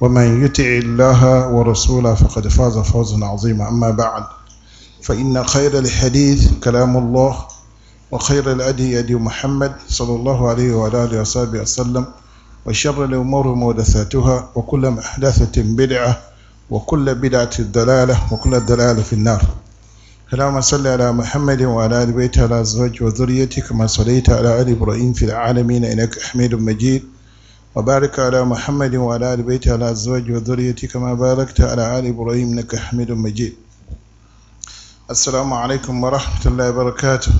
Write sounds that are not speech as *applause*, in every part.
ومن يطع الله ورسوله فقد فاز فوزا عظيما أما بعد فإن خير الحديث كلام الله وخير الأدي يد محمد صلى الله عليه وعلى آله وصحبه وسلم وشر الأمور محدثاتها وكل محدثة بدعة وكل بدعة الدلالة وكل الدلالة في النار اللهم صل على محمد وعلى آل بيته على أزواج وذريته كما صليت على آل إبراهيم في العالمين إنك حميد مجيد وبارك على محمد وعلى آل بيته على أزواجه وذريته كما باركت على آل إبراهيم إنك حميد مجيد السلام عليكم ورحمة الله وبركاته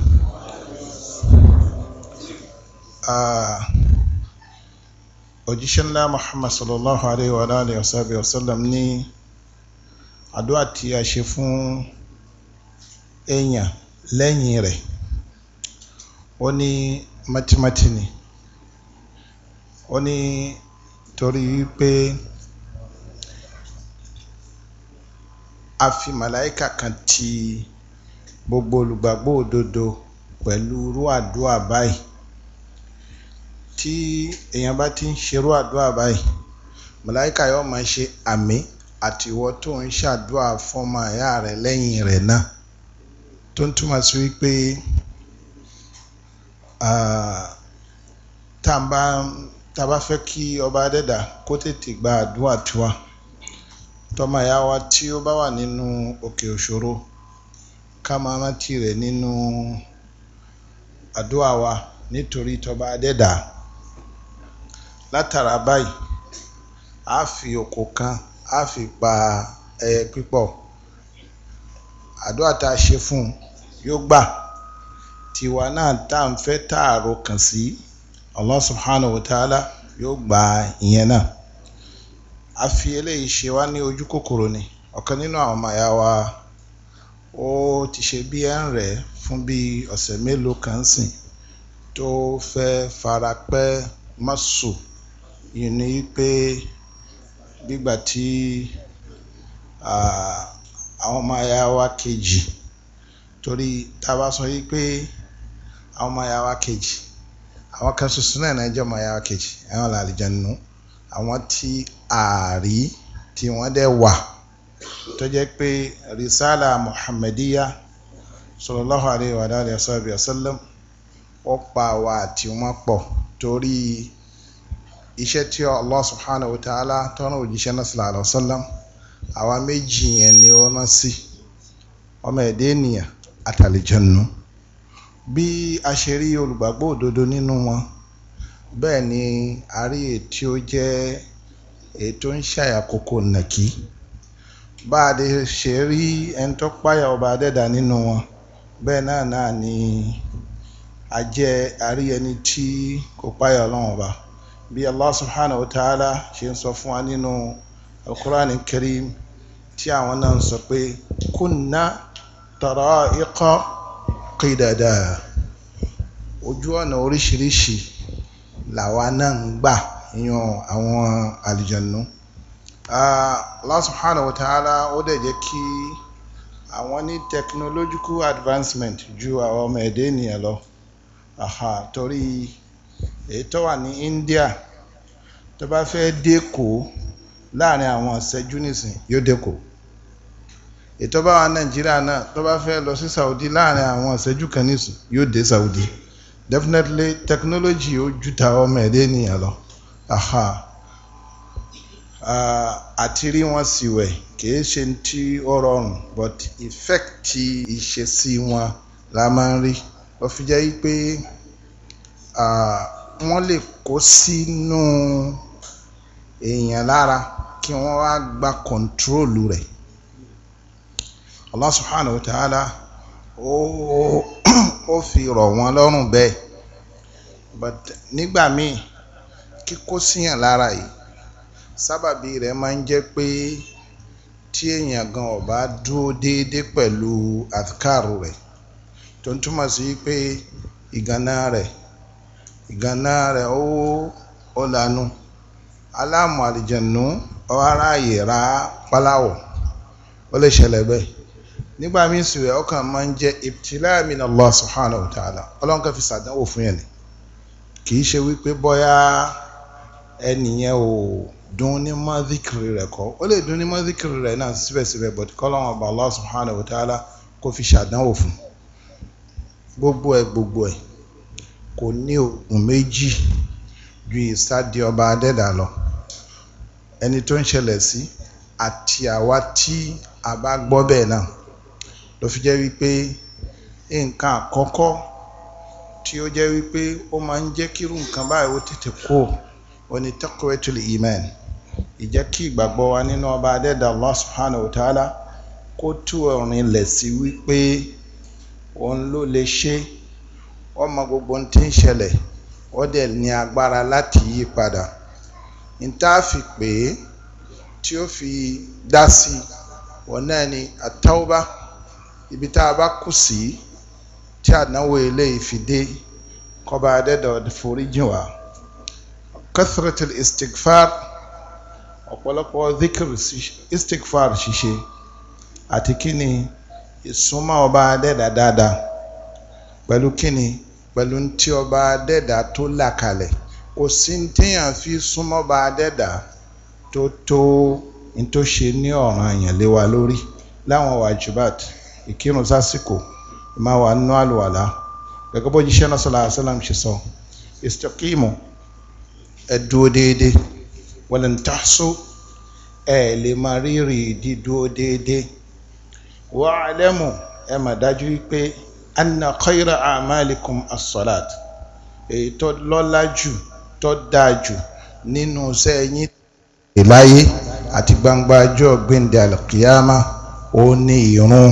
òjíṣẹ́ ńlá Muhammad sallallahu alayhi wa alayhi wa sahbihi wa sallam ní àdúrà tí a ṣe fún èèyàn lẹ́yìn rẹ̀ ó ní mátímátì ni. Mati ó ní torí wípé a fi màláìkà kan ti gbogbo olùgbàgbọ́ òdodo pẹ̀lú irú àdúrà báyìí tí èèyàn bá ti ń ṣerú àdúrà báyìí màláìkà yóò máa ṣe àmì àti ìwọ tó ń ṣàdúrà fọ́mọ ìyá rẹ̀ lẹ́yìn rẹ̀ náà tó ń túmọ̀ sí wípé tá à ń tá a bá fẹ́ kí ọba adẹ́dà kó tètè gba àdúrà tiwa tọmọ ìyá wa tí ó bá wà nínú òkè òṣòro ká máa rántí rẹ̀ nínú àdúrà wa nítorí tọba adẹ́dà látara báyìí a fi òkò kan a fi pa ẹyẹ pípọ̀ àdúrà tá a ṣe fún un yóò gbà tiwa náà tá à ń fẹ́ tààrò kàn sí. Si Allah subhanahu wa ta'ala yóò gba ìyẹn náà a fi eléyìí ṣe wá ní ojú kòkòrò ni ọ̀kan nínú àwọn ọmọ àyà wa ó ti ṣe bí ẹ̀ ń rẹ̀ fún bí ọ̀sẹ̀ mélòó kan sìn tó fẹ́ fara pẹ́ mọ́sù yìí ni pé gbígbà tí àwọn ọmọ àyà wa kejì torí tá a bá sọ yìí pé àwọn ọmọ àyà wa kejì àwọn kan ṣoṣo náà náà jẹ́ ọmọ ayáwó kejì àwọn làlìjẹ̀nu àwọn tí ààrí tí wọ́n dẹ̀ wà tó jẹ́ pé risala muhammadiya sallallahu alayhi wa alihi wa sallam ó pa wa àti wọn pọ̀ torí iṣẹ́ tí Allah subhanahu wa ta'ala tọ́nà òjíṣẹ́ náà sallallahu alayhi wa sallam àwa méjì yẹn ni ó rán ọmọ ẹ̀dẹ́ ènìyàn àtàlìjẹ̀nu bí a ṣe rí olùgbàgbọ́ òdodo nínú wọn bẹ́ẹ̀ ni a rí èyí tí ó jẹ́ èyí tó ń ṣàyàkókò nàkí bá a ṣe rí ẹni tó páyà ọba adẹ́dà nínú wọn bẹ́ẹ̀ náà náà ni a jẹ́ a rí ẹni tí kò páyà ọlọ́run ọba bí Allah subhanahu wa ta'ala ṣe ń sọ fún wa nínú al-Qur'an tí àwọn náà ń sọ pé kunna tara'iqa qidada ojú ọ̀nà oríṣiríṣi làwa náà ń gbà yan àwọn àlìjànú Allah subhanahu wa ta'ala ó dẹ̀ jẹ́ kí àwọn ní technological advancement ju àwọn ọmọ ẹ̀dẹ́ ènìyàn lọ aha torí èyí tó wà ní India tó bá fẹ́ dẹ́kọ̀ọ́ láàrin àwọn ìṣẹ́jú nìsín yóò dẹ́kọ̀ọ́ ètò bá wà nàìjíríà náà tó bá fẹ́ lọ sí saudi láàrin àwọn ìṣẹ́jú kan nìsú yóò dé saudi definitely technology ó ju ta ọmọ ẹ̀dẹ́ ènìyàn lọ àti rí wọn síwẹ̀ kìí ṣe tí ó rọrùn but effect ìṣesí wọn la máa ń rí lọ fi jẹ́ pé wọ́n lè kó sínú èèyàn lára kí wọ́n wá gba kọ̀ǹtrólù rẹ̀. Allah subhanahu wa ta'ala ó fi rọ̀ wọ́n lọ́rùn bẹ́ẹ̀ but nígbà míì kíkó síyàn lára yìí sábàbí rẹ̀ máa ń jẹ́ pé tí èèyàn gan ò bá dúró déédéé pẹ̀lú àtikárù rẹ̀ tó ń túmọ̀ sí pé ìgànnà rẹ̀ ìgànnà rẹ̀ ó ó lanu aláàmú àlìjẹ̀nù ọ̀ráyè ra pálawọ̀ ó lè ṣẹlẹ̀ bẹ́ẹ̀ nígbà míì sì rẹ̀ ọkàn máa ń jẹ́ ibtila min Allah subhanahu wa ta'ala ọlọ́run kan fi sàdánwò fún yẹn ni kì í ṣe wípé bọ́yá ẹnìyẹn ò dún ní mọ́díkìrì rẹ̀ kọ́ ó lè dún ní mọ́díkìrì rẹ̀ náà síbẹ̀síbẹ̀ bọ̀dí kọ́lọ́run ọba Allah subhanahu wa ta'ala kó fi sàdánwò fún gbogbo ẹ̀ gbogbo ẹ̀ kò ní oògùn méjì ju ìsádi ọba adẹ́dà lọ ẹni tó ń ṣẹlẹ̀ sí àti àwa tí a bá gbọ́ bẹ́ẹ̀ náà ló fi jẹ́ wípé nǹkan àkọ́kọ́ tí ó jẹ́ wípé ó máa ń jẹ́ kírú nǹkan báyìí ó tètè kú ò ní taqwatul iman ìjẹ́ kí ìgbàgbọ́ wa nínú ọba adẹ́dà Allah subhanahu wa ta'ala kó tú ọ̀rìn lẹ̀ sí wípé òun ló lè ṣe ọmọ gbogbo ohun tí ń ṣẹlẹ̀ ó dẹ̀ ní agbára láti yí padà ntáàfi pé tí ó fi dá sí i wọn náà ni àtàwọ́bá ibi tá a bá kù sí tí ànáwó eléyìí fi dé kọba adẹ́dọ̀ foríjì wá kathratul istighfar ọ̀pọ̀lọpọ̀ zikir istighfar ṣíṣe àti kíni ìsúnmọ́ ọba adẹ́dà dáadáa pẹ̀lú kíni pẹ̀lú tí ọba adẹ́dà tó là kalẹ̀ kò sí téèyàn fi súnmọ́ ọba adẹ́dà tó tó ní ṣe ní ọ̀ràn àyànlé lórí láwọn wàjúbàtì ìkírun sásìkò ìmá wà nínú àlùwàlá gẹ́gẹ́ bó jíṣẹ́ náà sọ̀rọ̀ àṣàlám ṣe sọ istaqimu ẹ dúró déédéé walan tahsu ẹ lè máa rírì dídúró déédéé wa'lamu ẹ mà dájú wípé anna khayra a'malikum as èyí tó lọ́lá jù tó dáa jù nínú sẹ́yìn ìláyé àti gbangba ọjọ́ gbẹ̀ndẹ̀ alqiyama ó ní ìrun.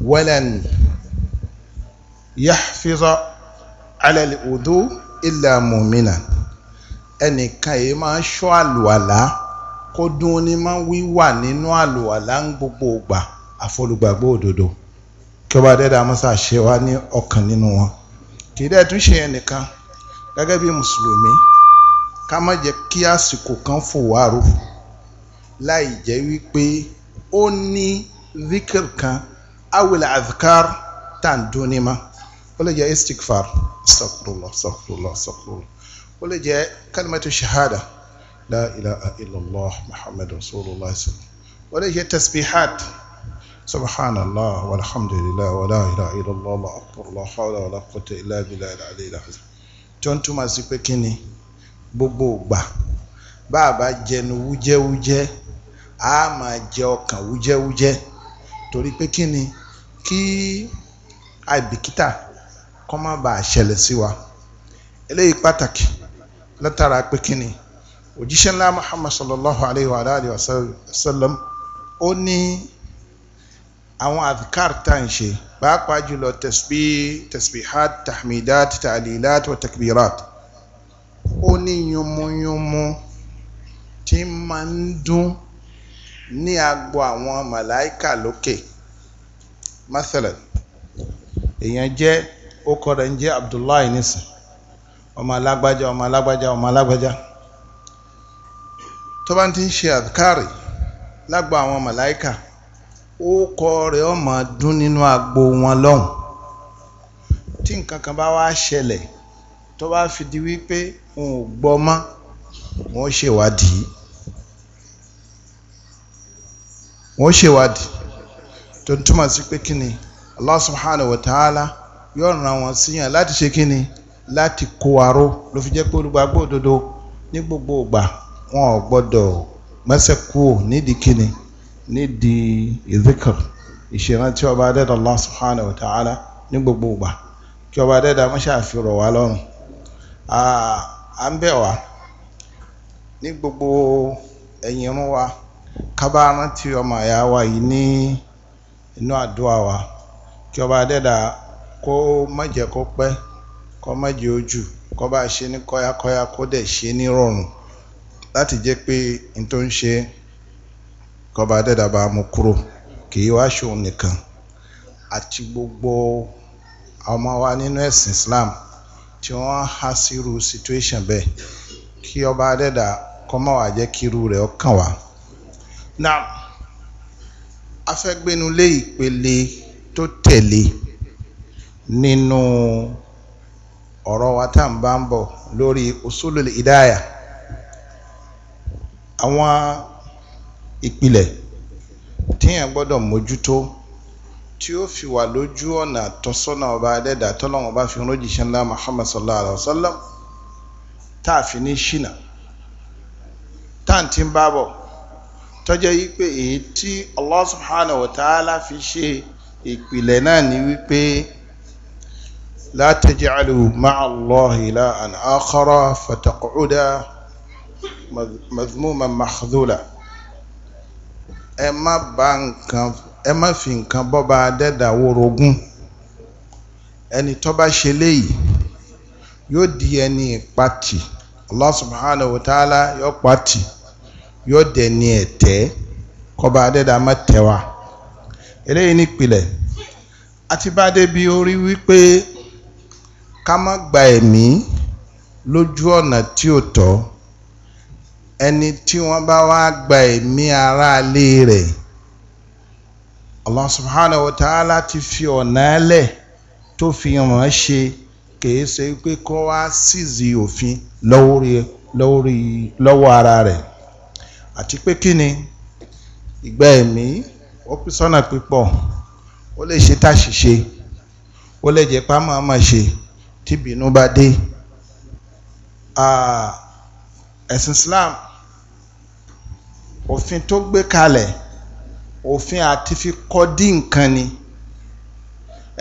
ولن يحفظ على الوضوء إلا مؤمنا ẹnìkan yìí máa ń ṣọ́ àlùwàlá kó dún ní máa ń wíwà nínú àlùwàlá ń gbogbo ògbà àfolùgbàgbọ́ òdodo kí ọba dẹ́dà amúsà ṣe wá ní ọkàn nínú wọn kì í dẹ́ ṣe yẹn nìkan gẹ́gẹ́ bí mùsùlùmí ká má jẹ́ kí àsìkò kan fò wá rò láì jẹ́ wípé ó ní zikir kan awele adhkar tá à ń dunni ma ó lè jẹ́ istikfar astaghfirullah astaghfirullah astaghfirullah ó lè jẹ́ kalimatu shahada la ilaha illallah muhammad rasulullah ó lè jẹ́ tasbihat subhanallah walhamdulillah wala ilaha illallah allahu akbar la hawla wala quwwata illa billahi al-aliyyil azim tó ń túmọ̀ sí pé kí ni gbogbo ògbà bá a bá jẹnu wújẹ́wújẹ́ a máa jẹ ọkàn wújẹ́wújẹ́ torí pé kí ni kí àìbìkítà kọ́ má bàa ṣẹlẹ̀ sí wa eléyìí pàtàkì látara pé kí ni òjíṣẹ́ ńlá muhammad sallallahu alayhi wa alayhi wa sallam ó ní àwọn adhkar tá à ń ṣe pàápàá jùlọ tẹsbí tẹsbíhat tahmidat ta'lilat wa takbirat ó ní yunmuyunmu tí máa ń dún ní agbo àwọn màláìkà lókè masalan èèyàn jẹ́ ó kọ́ rẹ̀ ń jẹ́ Abdullahi nisan ọmọ alágbájá ọmọ alágbájá ọmọ alágbájá tó bá ti ń ṣe àkárì lágbo àwọn màláìkà ó kọ́ rẹ̀ dún nínú agbo wọn lọ́hùn tí nǹkan kan bá wá ṣẹlẹ̀ tó bá fi di wípé òun ò gbọ́ mọ́ wọ́n ṣèwádìí wọ́n ṣèwádìí tó ń túmọ̀ sí pé kíni Allah subhanahu wa ta'ala yóò ràn wọ́n síyàn láti ṣe kíni láti kó aró ló fi jẹ́ pé olùgbàgbọ́ òdodo ní gbogbo ìgbà wọn ò gbọ́dọ̀ mẹ́sẹ̀ kúò nídìí kíni nídìí ìdíkàr ìṣèrántí ọba adẹ́dà Allah subhanahu wa ta'ala ní gbogbo ìgbà kí ọba adẹ́dà mọ́ṣẹ́ àfihàn wá lọ́rùn à ń bẹ̀ wá ní gbogbo ẹ̀yìn irun wa kábà rántí ọmọ àyà wa yìí ní inú àdúrà wa kí ọba adẹ́dà kó má jẹ́ kó pẹ́ kó má jẹ́ ojú kó bá ṣe ní kọ́yákọ́yá kó dẹ̀ ṣe ní rọrùn láti jẹ́ pé n tó ń ṣe kó ọba adẹ́dà bá mú kúrò kì í wá ṣòun nìkan àti gbogbo ọmọ wa nínú ẹ̀sìn Islam tí wọ́n há sírú situation bẹ́ẹ̀ kí ọba adẹ́dà kó má wá jẹ́ kírú rẹ̀ ọkàn wá. Now, a fẹ́ gbénu lé ìpele tó tẹ̀lé nínú ọ̀rọ̀ wa tá à ń bá ń bọ̀ lórí àwọn ìpìlẹ̀ tíyẹn gbọ́dọ̀ mójútó tí ó fi ọba adẹ́dà tọ́lọ́wọ́n bá fi ńlá Muhammad sallallahu alaihi fi ní ṣìnà ti ń bá tọ́jẹ́ wípé èyí tí Allah subhanahu wa ta'ala fi ṣe ìpìlẹ̀ náà ni wípé la taj'alu ma'a Allahi ilahan akhara fataq'uda madhmuman makhdhula ẹ má bá nǹkan ẹ má fi nǹkan bọ́ba dẹ́dà worogún ẹni tó bá ṣe léyìí yóò di ẹni pàtì Allah subhanahu yóò pàtì yóò dẹ̀ ní ẹ̀tẹ́ kọba adẹ́dàá má tẹ́ wa eléyìí nípìlẹ̀ àti bá débi orí wípé ká má gba ẹ̀mí lójú ọ̀nà tí ò tọ́ ẹni tí wọ́n bá wá gba ẹ̀mí aráalé rẹ̀ Allah subhanahu wa ta'ala ti fi ọ̀nà ẹlẹ̀ tó fi hàn ṣe kìí ṣe pé kó wá sízi òfin lọ́wọ́ ara rẹ̀ àti pé kí ni ìgbà ẹ̀mí ó pín sọ́nà pípọ̀ ó lè ṣe táṣìṣe ó lè jẹ́ pá máa máa ṣe tí ìbínú bá dé ẹ̀sìn Islam òfin tó gbé kalẹ̀ òfin àti fi kọ́ dí nǹkan ni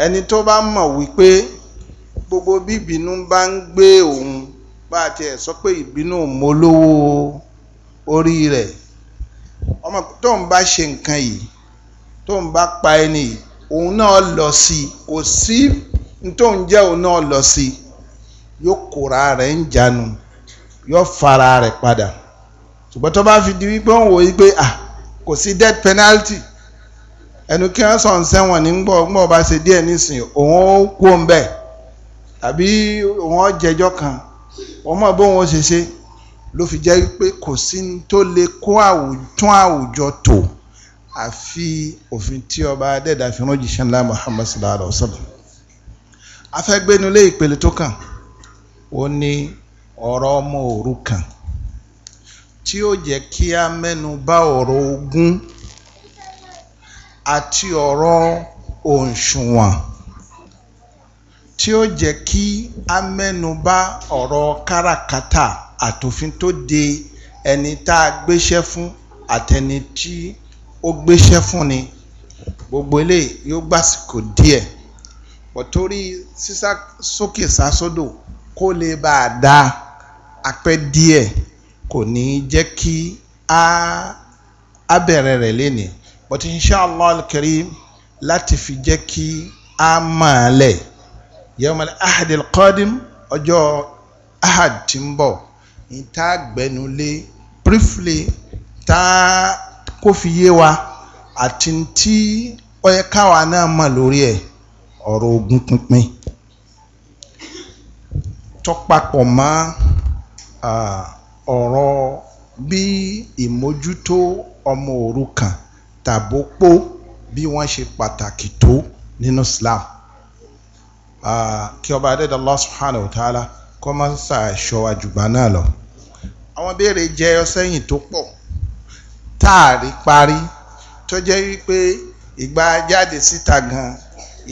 ẹni tó bá mọ̀ wípé gbogbo bí ìbínú bá ń gbé òun bá tiẹ̀ sọ pé ìbínú mọ́ lówó o orí rẹ̀ ọmọ tóun bá ṣe nǹkan yìí tóun bá pa ẹni yìí òun náà lọ sí i kò sí tóun jẹ́ òun náà lọ sí yóò kóra rẹ̀ ń jánu yóò fara rẹ̀ padà ṣùgbọ́n tó bá fi di wípé òun wò wípé ah kò sí death penalty ẹnu kí wọ́n sọ̀n sẹ́wọ̀n ní gbọ́ gbọ́ bá ṣe díẹ̀ nísìnyí òun ó kú òun bẹ́ẹ̀ tàbí òun ó jẹjọ́ kan òun mọ̀ bóun ó ṣe ṣe ló fi jẹ́ pé kò sí tó lè kó tún àwùjọ tò àfi òfin tí ọba adẹ́dà fi rán jíṣẹ́ ńlá Muhammad sallallahu alaihi wa sallam afẹ́gbénulé ìpele tó kàn ó ní ọ̀rọ̀ ọmọ òrukàn tí ó jẹ́ kí a mẹ́nu bà ọ̀rọ̀ ogún àti ọ̀rọ̀ òǹṣùwọ̀n tí ó jẹ́ kí a mẹ́nu bà ọ̀rọ̀ káràkátà àtòfin tó de ẹni tá a gbéṣẹ́ fún àtẹni tí ó gbéṣẹ́ fún ni gbogbo eléyìí yóò gbàsìkò díẹ̀ pọ̀tórí sísá sókè sásódò kó lè bá a dá apẹ́ díẹ̀ kò ní jẹ́ kí a á bẹ̀rẹ̀ rẹ̀ lénìí but inshallah al-karim láti fi jẹ́ kí a máa lẹ̀ yawmal ahad al-qadim ọjọ́ ahad tí ń bọ̀ ìta gbẹnulé briefly ta kó fi yé wa àti tí ó yẹ káwa náà mọ̀ lórí ẹ̀ ọ̀rọ̀ ogún pínpín tọ́papọ̀ mọ́ ọ̀rọ̀ bí ìmójútó ọmọ òrukàn tàbópó bí wọ́n ṣe pàtàkì tó nínú Islam kí ọba adẹ́dàá subhanahu wa ta'ala kọ́mọ́sà ẹ̀ṣọ́ àjùgbá náà lọ. àwọn béèrè jẹyọ sẹ́yìn tó pọ̀ tá a rí parí tó jẹ́ wípé ìgbà jáde síta gan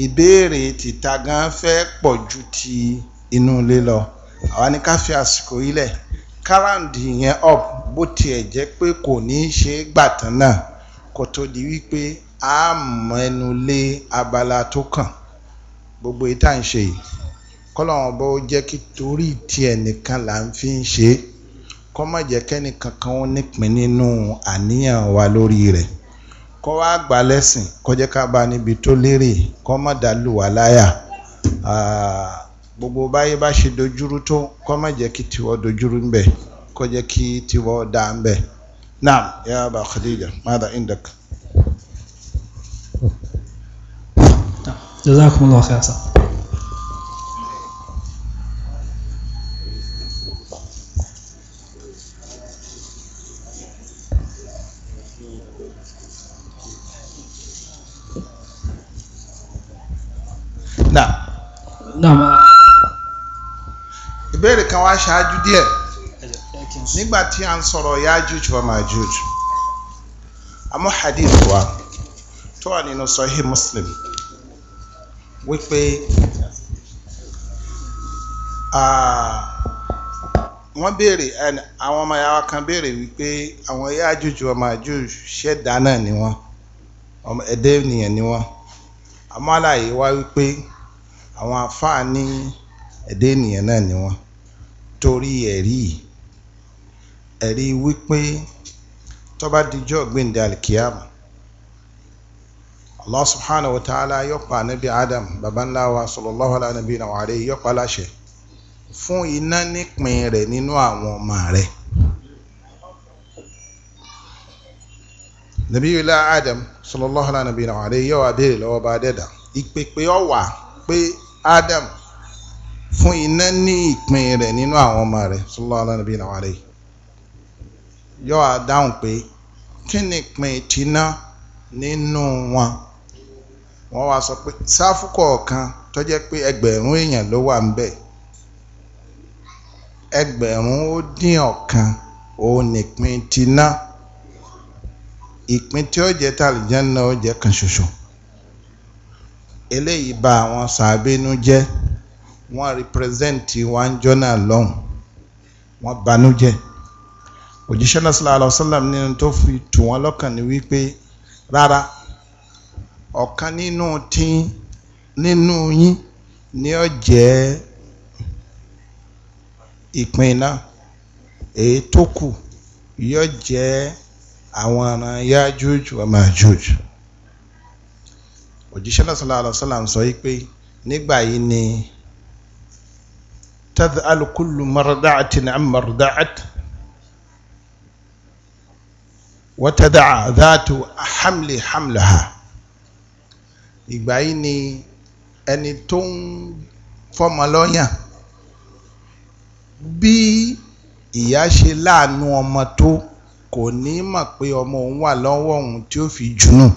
ìbéèrè tìta gan fẹ́ pọ̀ ju ti inú ilé lọ àwa ní ká fi àsìkò ilẹ̀ káràǹdì yẹn up bó tiẹ̀ jẹ́ pé kò ní í ṣe gbà tán náà kò tó di wípé a mẹ́nu lé abala tó kàn gbogbo ìta ń ṣe yìí kọ́lọ́wọ́n bó jẹ́ kí torí tiẹ̀ nìkan là ń fi ń ṣe é kọ́ má jẹ́ kẹ́ni kankan ó nípìn nínú àníyàn wa lórí rẹ̀ kọ́ wá gbà lẹ́sìn kọ́ jẹ́ ká bá níbi tó lérè kọ́ má dá lù wá láyà ah, gbogbo báyé bá ṣe dojúrú tó kọ́ má jẹ́ kí tiwọ́ dojúrú ń bẹ̀ kọ́ jẹ́ kí tiwọ́ dá ń bẹ̀ naam ya ba khadija mada indak jazakumullahu khairan náà. ìbéèrè kan wá ṣáájú díẹ̀ nígbà tí a ń sọ̀rọ̀ Yájúj wa Májúj àmọ́ hadith wa tó wà nínú Sahih Muslim wípé wọ́n béèrè àwọn ọmọ yàrá kan béèrè wípé àwọn Yájúj wa Májúj ṣẹ̀dá náà ni wọ́n ẹ̀dá ènìyàn ni wọ́n àmọ́ àlàyé wá wípé àwọn àfáà ní ẹ̀dá ènìyàn náà ni wọ́n torí ẹ̀rí ẹ̀rí wípé tó bá dijọ́ gbẹ̀ndẹ̀ alikiyama Allah subhanahu wa ta'ala yọpa nabi Adam baba ńlá wa sallallahu alayhi nabi na wàhálẹ yọpa láṣẹ fún iná nípìn rẹ̀ nínú àwọn ọmọ rẹ̀. nabiyula Adam sallallahu alayhi nabi na wàhálẹ yọ wa béèrè lọ́wọ́ bá dẹdà ìpèpè ọwà pé. Adam fún iná ní ìpín rẹ̀ nínú àwọn ọmọ rẹ̀ sallallahu alaihi wa sallam yọ àdáhùn pé kí ni ìpín tìǹà nínú wọn wọ́n wá sọ pé sáfù kọ̀ọ̀kan tó jẹ́ pé ẹgbẹ̀rún èèyàn ló wà ń bẹ̀ ẹgbẹ̀rún ó dín ọ̀kan òun nìpín tìǹà ìpín tí ó jẹ́ tàlìjẹ́ náà ó jẹ́ kan ṣoṣo. eléyìí ba àwọn sàbẹ̀nú jẹ́ wọ́n rìpírẹ́sẹ̀ntì wọn jọ́nà lọ́hùn wọ́n banújẹ́ òjíṣẹ́ náà sallallahu alaihi wasallam nínú tó fi tù wọ́n lọ́kàn ní wípé rárá ọ̀kan nínú tí nínú yín ni ó jẹ́ ìpín náà èyí tó kù yóò jẹ́ àwọn aràn Yájúj wa Májúj òjíṣẹ́ lọ́sọ̀lá àlọ́sọ̀lá ń sọ yìí pé nígbà yìí ni tad'alu kullu marda'atin am marda'at wa tad'a dhatu hamli hamlaha ìgbà yìí ni ẹni tó ń fọmọ lọ́yàn bí ìyá ṣe láàánú ọmọ tó kò ní mọ̀ pé ọmọ òun wà lọ́wọ́ òun tí ó fi jùnú.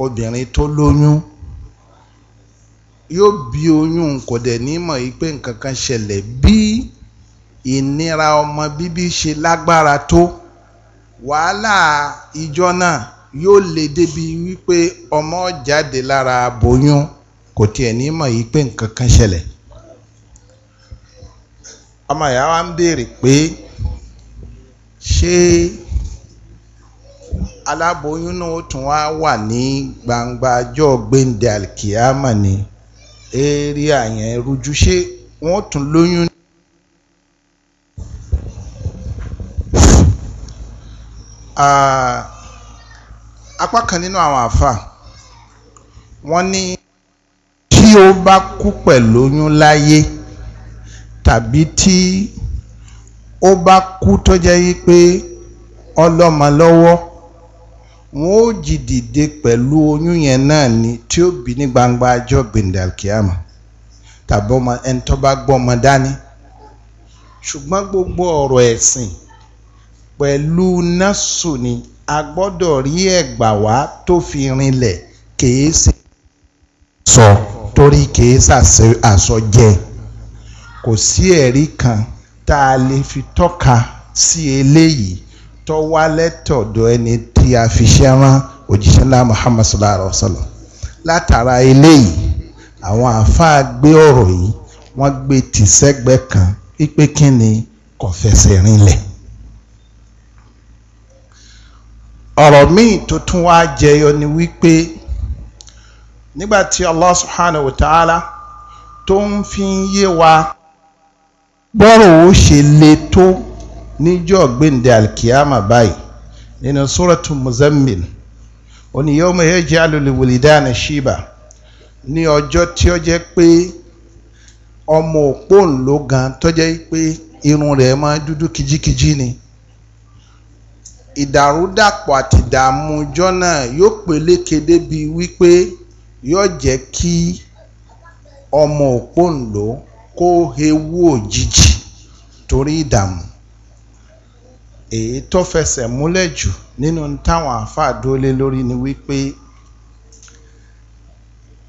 obìnrin tó lóyún yóò bí oyún kò dẹ̀ ní mọ̀ yìí pé nǹkan kan ṣẹlẹ̀ bí ìnira ọmọ bíbí ṣe lágbára tó wàhálà ìjọ náà yóò le débi wípé ọmọ jáde lára aboyún kò tiẹ̀ ní mọ̀ yìí pé nǹkan kan ṣẹlẹ̀ ọmọ ìyá wa ń béèrè pé ṣé. aláboyún náà tún wá wà ní gbangba ọjọ́ gbẹ̀ndẹ̀ alkiyama ni eré àyàn rújú ṣé wọ́n tún lóyún. apá kan nínú àwọn àfà wọ́n ní tí ó bá kú pẹ̀lú oyún láyé tàbí tí ó bá kú tó jẹ́ yí pé ọlọ́mọ lọ́wọ́. Lo wọn ó jí dìde pẹ̀lú oyún yẹn náà ni tí ó bí ní gbangba ajọ́ gbendalkiama tàbí ọmọ ẹni tó bá gbọ́ ọmọ dání ṣùgbọ́n gbogbo ọ̀rọ̀ ẹ̀sìn pẹ̀lú násù ni a gbọ́dọ̀ rí ẹ̀gbà wá tó fi rinlẹ̀ kìí ṣe sọ torí kìí ṣàṣọjẹ kò sí ẹ̀rí kan tá a lè fi tọ́ka sí eléyìí tọ́wá lẹ́tọ̀dọ̀ ẹni tí a fi ṣẹ́ rán náà Muhammad sallallahu alaihi wa sallam látara eléyìí àwọn àáfàá gbé ọ̀rọ̀ yìí wọ́n gbé tì sẹ́gbẹ́ kan wípé kí ni kò fẹsẹ̀ rinlẹ̀ ọ̀rọ̀ míì tó tún wá jẹyọ ni wípé nígbà tí Allah subhanahu wa ta'ala tó ń fi yé wa bọ́rọ̀ ó ṣe le tó. níjọ́ gbẹ̀ndẹ̀ alkiyama báyìí nínú sóràtún onye ó ní yawma yaj'alu al-wildana shiba ní ọjọ́ tí ó jẹ́ pé ọmọ òpóòn gan tó jẹ́ pé irun rẹ̀ máa dúdú ni ìdàrúdàpọ̀ àti ìdààmú ọjọ́ náà yóò wípé yóò jẹ́ kí ọmọ kó hewu òjijì torí ìdààmú èyí tó fẹsẹ̀ múlẹ̀ jù nínú táwọn àáfàá dúró ni wípé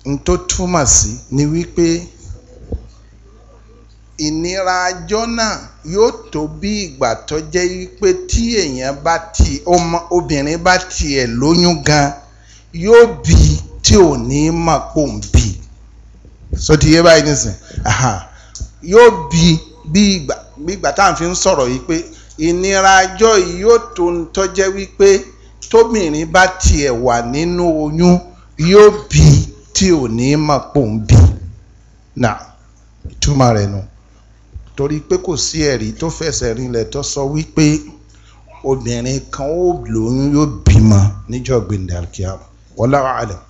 n tó túmọ̀ sí ni wípé ìnira ajọ́ náà yóò tó bí ìgbà tó ti obìnrin bá tiẹ̀ lóyún gan yóò bí tí ò so ti yé báyìí nísìnyí yóò bí bí ìgbà fi ń sọ̀rọ̀ yìí ìnira ajọ́ yìí yóò tó ń tọ́jẹ́ wípé tóbìnrin bá tiẹ̀ wà nínú oyún yóò bí tí ò ní mọ̀ pò ń bí nà ìtumọ̀ rẹ̀ nù torí pé kò sí ẹ̀rí tó fẹsẹ̀ rinlẹ̀ tó sọ wípé obìnrin kan ó lóyún yóò bímọ níjọ́ gbẹ̀ndàkíá wallahu alam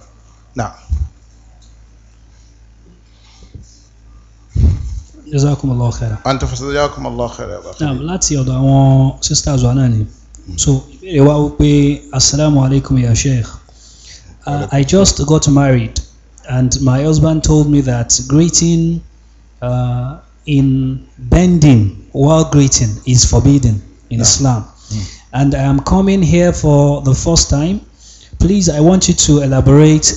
nà. jazakumullahu khairan. anta fasajakumullahu khairan. naam láti ọ̀dọ̀ àwọn sisters wa náà ni so ìbéèrè wa wò pé asalaamu alaykum ya sheikh uh, I just got married and my husband told me that greeting uh, in bending while greeting is forbidden in no. Islam mm. and I am coming here for the first time please I want you to elaborate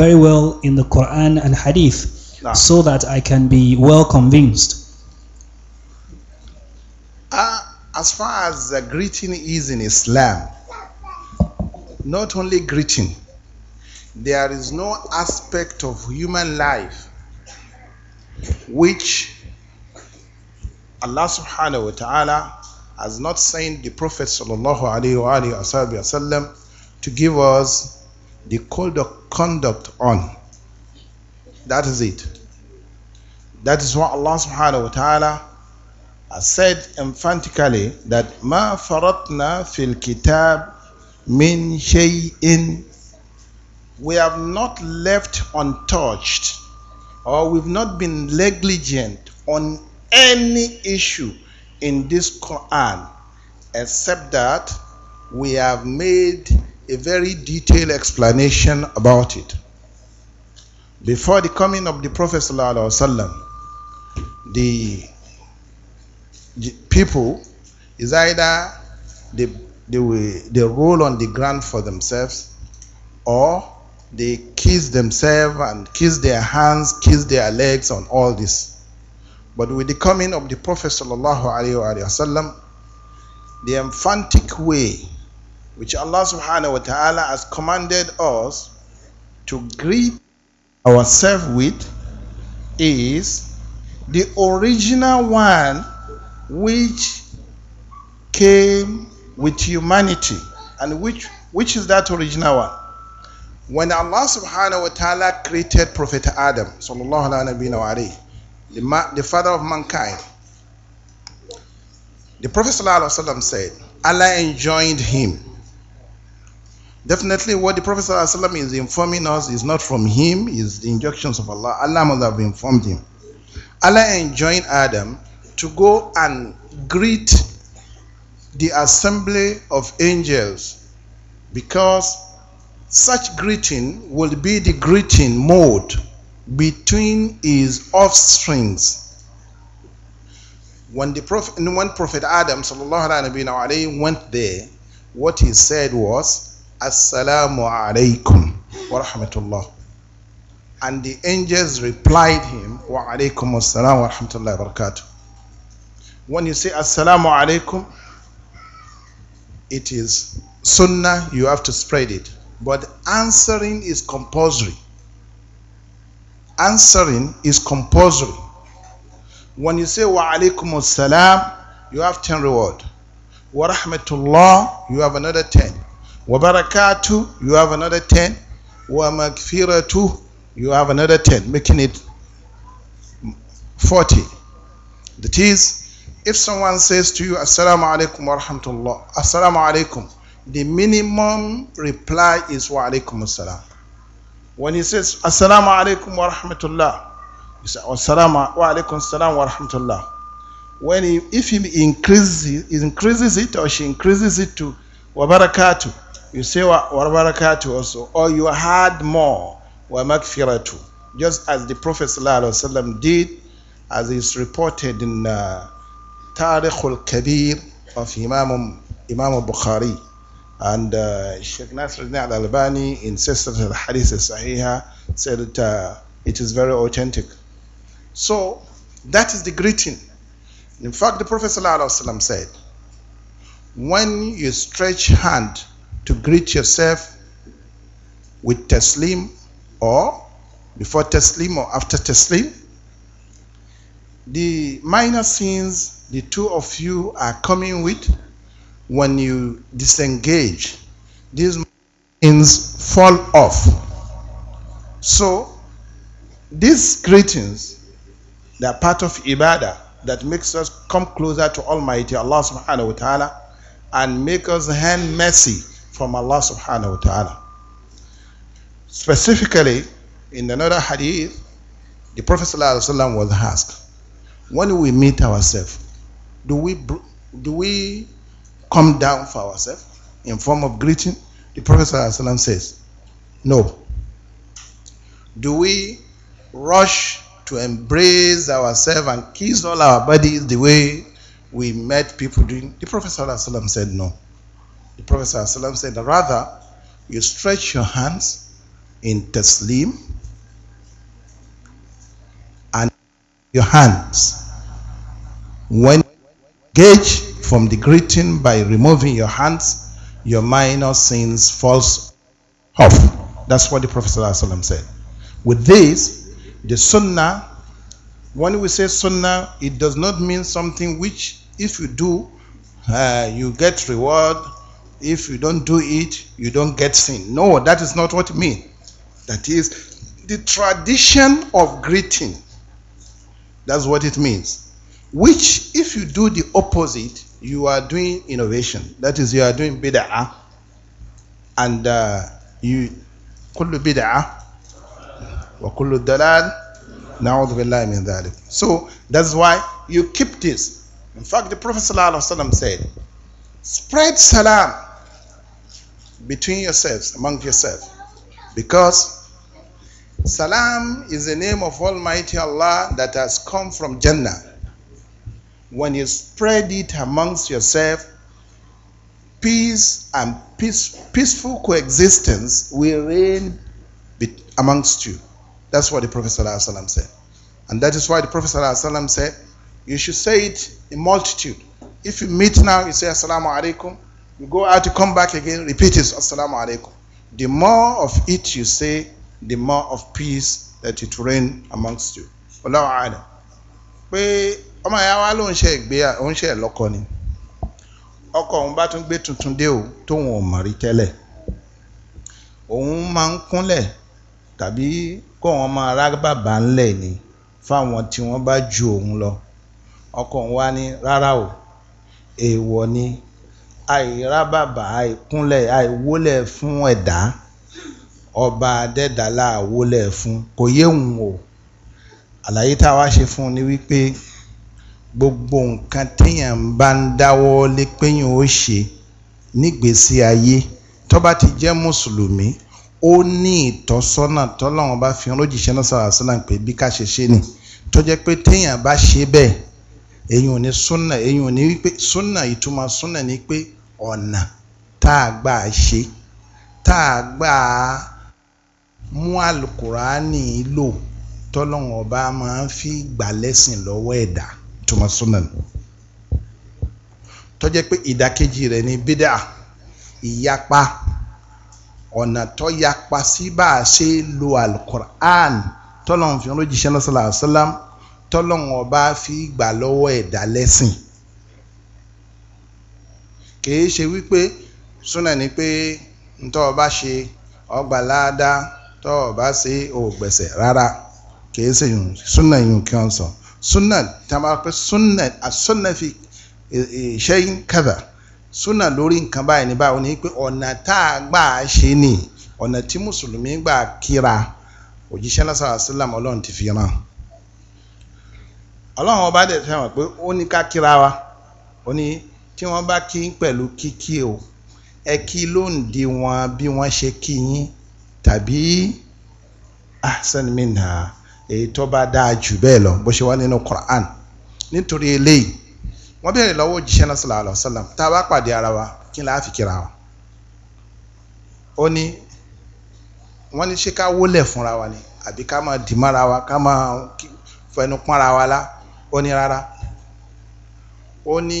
very well in the Quran and Hadith so that I can be well convinced. Uh, as far as the uh, greeting is in Islam, not only greeting, there is no aspect of human life which Allah subhanahu wa ta'ala has not sent the Prophet sallallahu alayhi wa sallam to give us the code of conduct on. That is it. That is what Allah subhanahu wa ta'ala has said emphatically that ما فرطنا في الكتاب من شيء we have not left untouched or we've not been negligent on any issue in this Quran except that we have made a very detailed explanation about it. Before the coming of the Prophet sallam, the, the people is either they, they, will, they roll on the ground for themselves or they kiss themselves and kiss their hands, kiss their legs on all this. But with the coming of the Prophet sallallahu the emphatic way which Allah subhanahu wa ta'ala has commanded us to greet ourselves with is the original one which came with humanity and which which is that original one when allah subhanahu wa ta'ala created prophet adam sallallahu alayhi wa the father of mankind the prophet sallallahu said allah enjoined him Definitely, what the Prophet ﷺ is informing us is not from him, is the injunctions of Allah. Allah must have informed him. Allah enjoined Adam to go and greet the assembly of angels because such greeting will be the greeting mode between his offsprings. When the prophet, when Prophet Adam وسلم, went there, what he said was, Assalamu alaikum wa rahmatullah. And the angels replied him, Wa alaikum assalam wa rahmatullahi wa barakatuh. When you say Assalamu alaikum, it is sunnah, you have to spread it. But answering is compulsory. Answering is compulsory. When you say Wa alaikum assalam, you have 10 reward. Wa rahmatullah, you have another 10. Wabarakatuh, you have another ten. Wamakfiratuh, you have another ten, making it forty. That is, if someone says to you, Assalamu alaikum wa rahmatullah, Assalamu alaikum, the minimum reply is wa alaikum assalam. When he says, Assalamu alaikum wa rahmatullah, you say, Assalamu wa alaikum assalam wa rahmatullah. When he, if he increases, increases it or she increases it to wa You say what barakatuh also, or you had more wa makfiratu, just as the Prophet ﷺ did, as is reported in uh, Tariq al-Kabir of Imam Imam Bukhari and uh, Sheikh Nasruddin al-Albani in Sister al-Hadith al-Sahiha said that, uh, it is very authentic. So that is the greeting. In fact, the Prophet ﷺ said, when you stretch hand to greet yourself with taslim or before taslim or after taslim. The minor sins the two of you are coming with when you disengage, these sins fall off. So, these greetings, they are part of ibadah that makes us come closer to Almighty Allah subhanahu wa ta'ala and make us hand mercy from Allah subhanahu wa ta'ala. Specifically, in another hadith, the Prophet ﷺ was asked, when we meet ourselves, do we do we come down for ourselves in form of greeting? The Prophet ﷺ says, no. Do we rush to embrace ourselves and kiss all our bodies the way we met people doing? The Prophet ﷺ said no. The Prophet ﷺ said, Rather, you stretch your hands in taslim and your hands when engage from the greeting by removing your hands your minor sins falls off that's what the prophet ﷺ said with this the sunnah when we say sunnah it does not mean something which if you do uh, you get reward if you don't do it, you don't get sin. No, that is not what it means. That is the tradition of greeting. That's what it means. Which, if you do the opposite, you are doing innovation. That is, you are doing bid'ah. And uh, you, kullu bid'ah wa kullu dalal, na'udhu billahi min dhalik. So, that's why you keep this. In fact, the Prophet ﷺ said, spread salam between yourselves, among yourselves. Because Salam is the name of Almighty Allah that has come from Jannah. When you spread it amongst yourselves, peace and peace, peaceful coexistence will reign amongst you. That's what the Prophet ﷺ said. And that is why the Prophet ﷺ said, you should say it in multitude. If you meet now, you say, Assalamu alaikum You go out, to come back again, repeat it. Assalamu alaikum. The more of it you say, the more of peace that it reign amongst you. Wallahu a'lam. Pé ọmọ ìyá wa ló ń ṣe ìgbéyà, ó ń ṣe ìlọ́kọ ni. Ọkọ òun bá tún gbé tuntun dé o, tóun ò mọ̀ rí tẹ́lẹ̀. Òun máa ń kúnlẹ̀ tàbí kó wọn máa rá bàbá ni fáwọn tí wọ́n bá ju òun lọ. Ọkọ òun wá ní rárá o, èèwọ̀ ni àìrábàbà àìkúnlẹ̀ àìwólẹ̀ fún ẹ̀dá ọba adẹ́dàlá àwólẹ̀ fún kò yéhùn o àlàyé tá a wá ṣe fún un ni wípé gbogbo nǹkan téèyàn bá ń dáwọ́ lé péyàn ó ṣe nígbésí ayé tó bá ti jẹ́ mùsùlùmí ó ní ìtọ́sọ́nà tọ́lọ́run bá fi ránjíṣẹ́ náà sọ̀rọ̀ àṣìlá pé bí ká ṣe ṣe ni tó jẹ́ pé téèyàn bá ṣe bẹ́ẹ̀ èyàn ò ní súnà èyàn ò ní wípé súnà ìtumọ̀ súnà ni pé ọ̀nà tá a gbà ṣe tá a gbà mú alukurani lò tọ́lọ́hún ọba máa ń fi gbà lẹ́sìn lọ́wọ́ ẹ̀dá túmọ̀ sunan tọ́jẹ́ pé ìdàkejì rẹ̀ ni bídà ìyapa ọ̀nà tó yapa sí bá a ṣe lo alukur'an tọ́lọ́hún fi ń lójijì sẹ́lá sàlá sàlám tọ́lọ́hún ọba fi gbà lọ́wọ́ ẹ̀dá lẹ́sìn. kìí ṣe wípé súnà ni pé ntọ́ ọba ṣe ọgbà ládàá tọ́ ọba ṣe ògbẹ̀sẹ̀ rárá kìí ṣe yùn súnà yùn kí wọ́n sọ súnà suna pé súnà àsúnà fi ṣẹ́yìn kàdà súnà lórí nǹkan báyìí ní báyìí ní pé ọ̀nà tá a gbà ṣe ni ọ̀nà tí mùsùlùmí gbà kíra òjíṣẹ́ lásán àṣìlámù ọlọ́run ti fi ràn ọlọ́run ọba dẹ̀ fẹ́ràn pé ó ní ká kíra wa ó ní tí wọ́n bá kí yín pẹ̀lú kíkí o ẹ kí lóǹdí wọn bí wọ́n ṣe kí yín tàbí ahsanmina èyí tó bá dáa jù bẹ́ẹ̀ lọ bó ṣe wá nínú Quran nítorí eléyìí wọ́n bẹ̀rẹ̀ lọ́wọ́ òjíṣẹ́ náà sallallahu alaihi wasallam tá a bá pàdé ara wa kí n láà fi kíra wa ó ní wọ́n ní ṣé ká wólẹ̀ fúnra wa ni àbí ká máa dì mára wa ká máa fẹnu pọ́nra wa lá ó ní rárá ó ní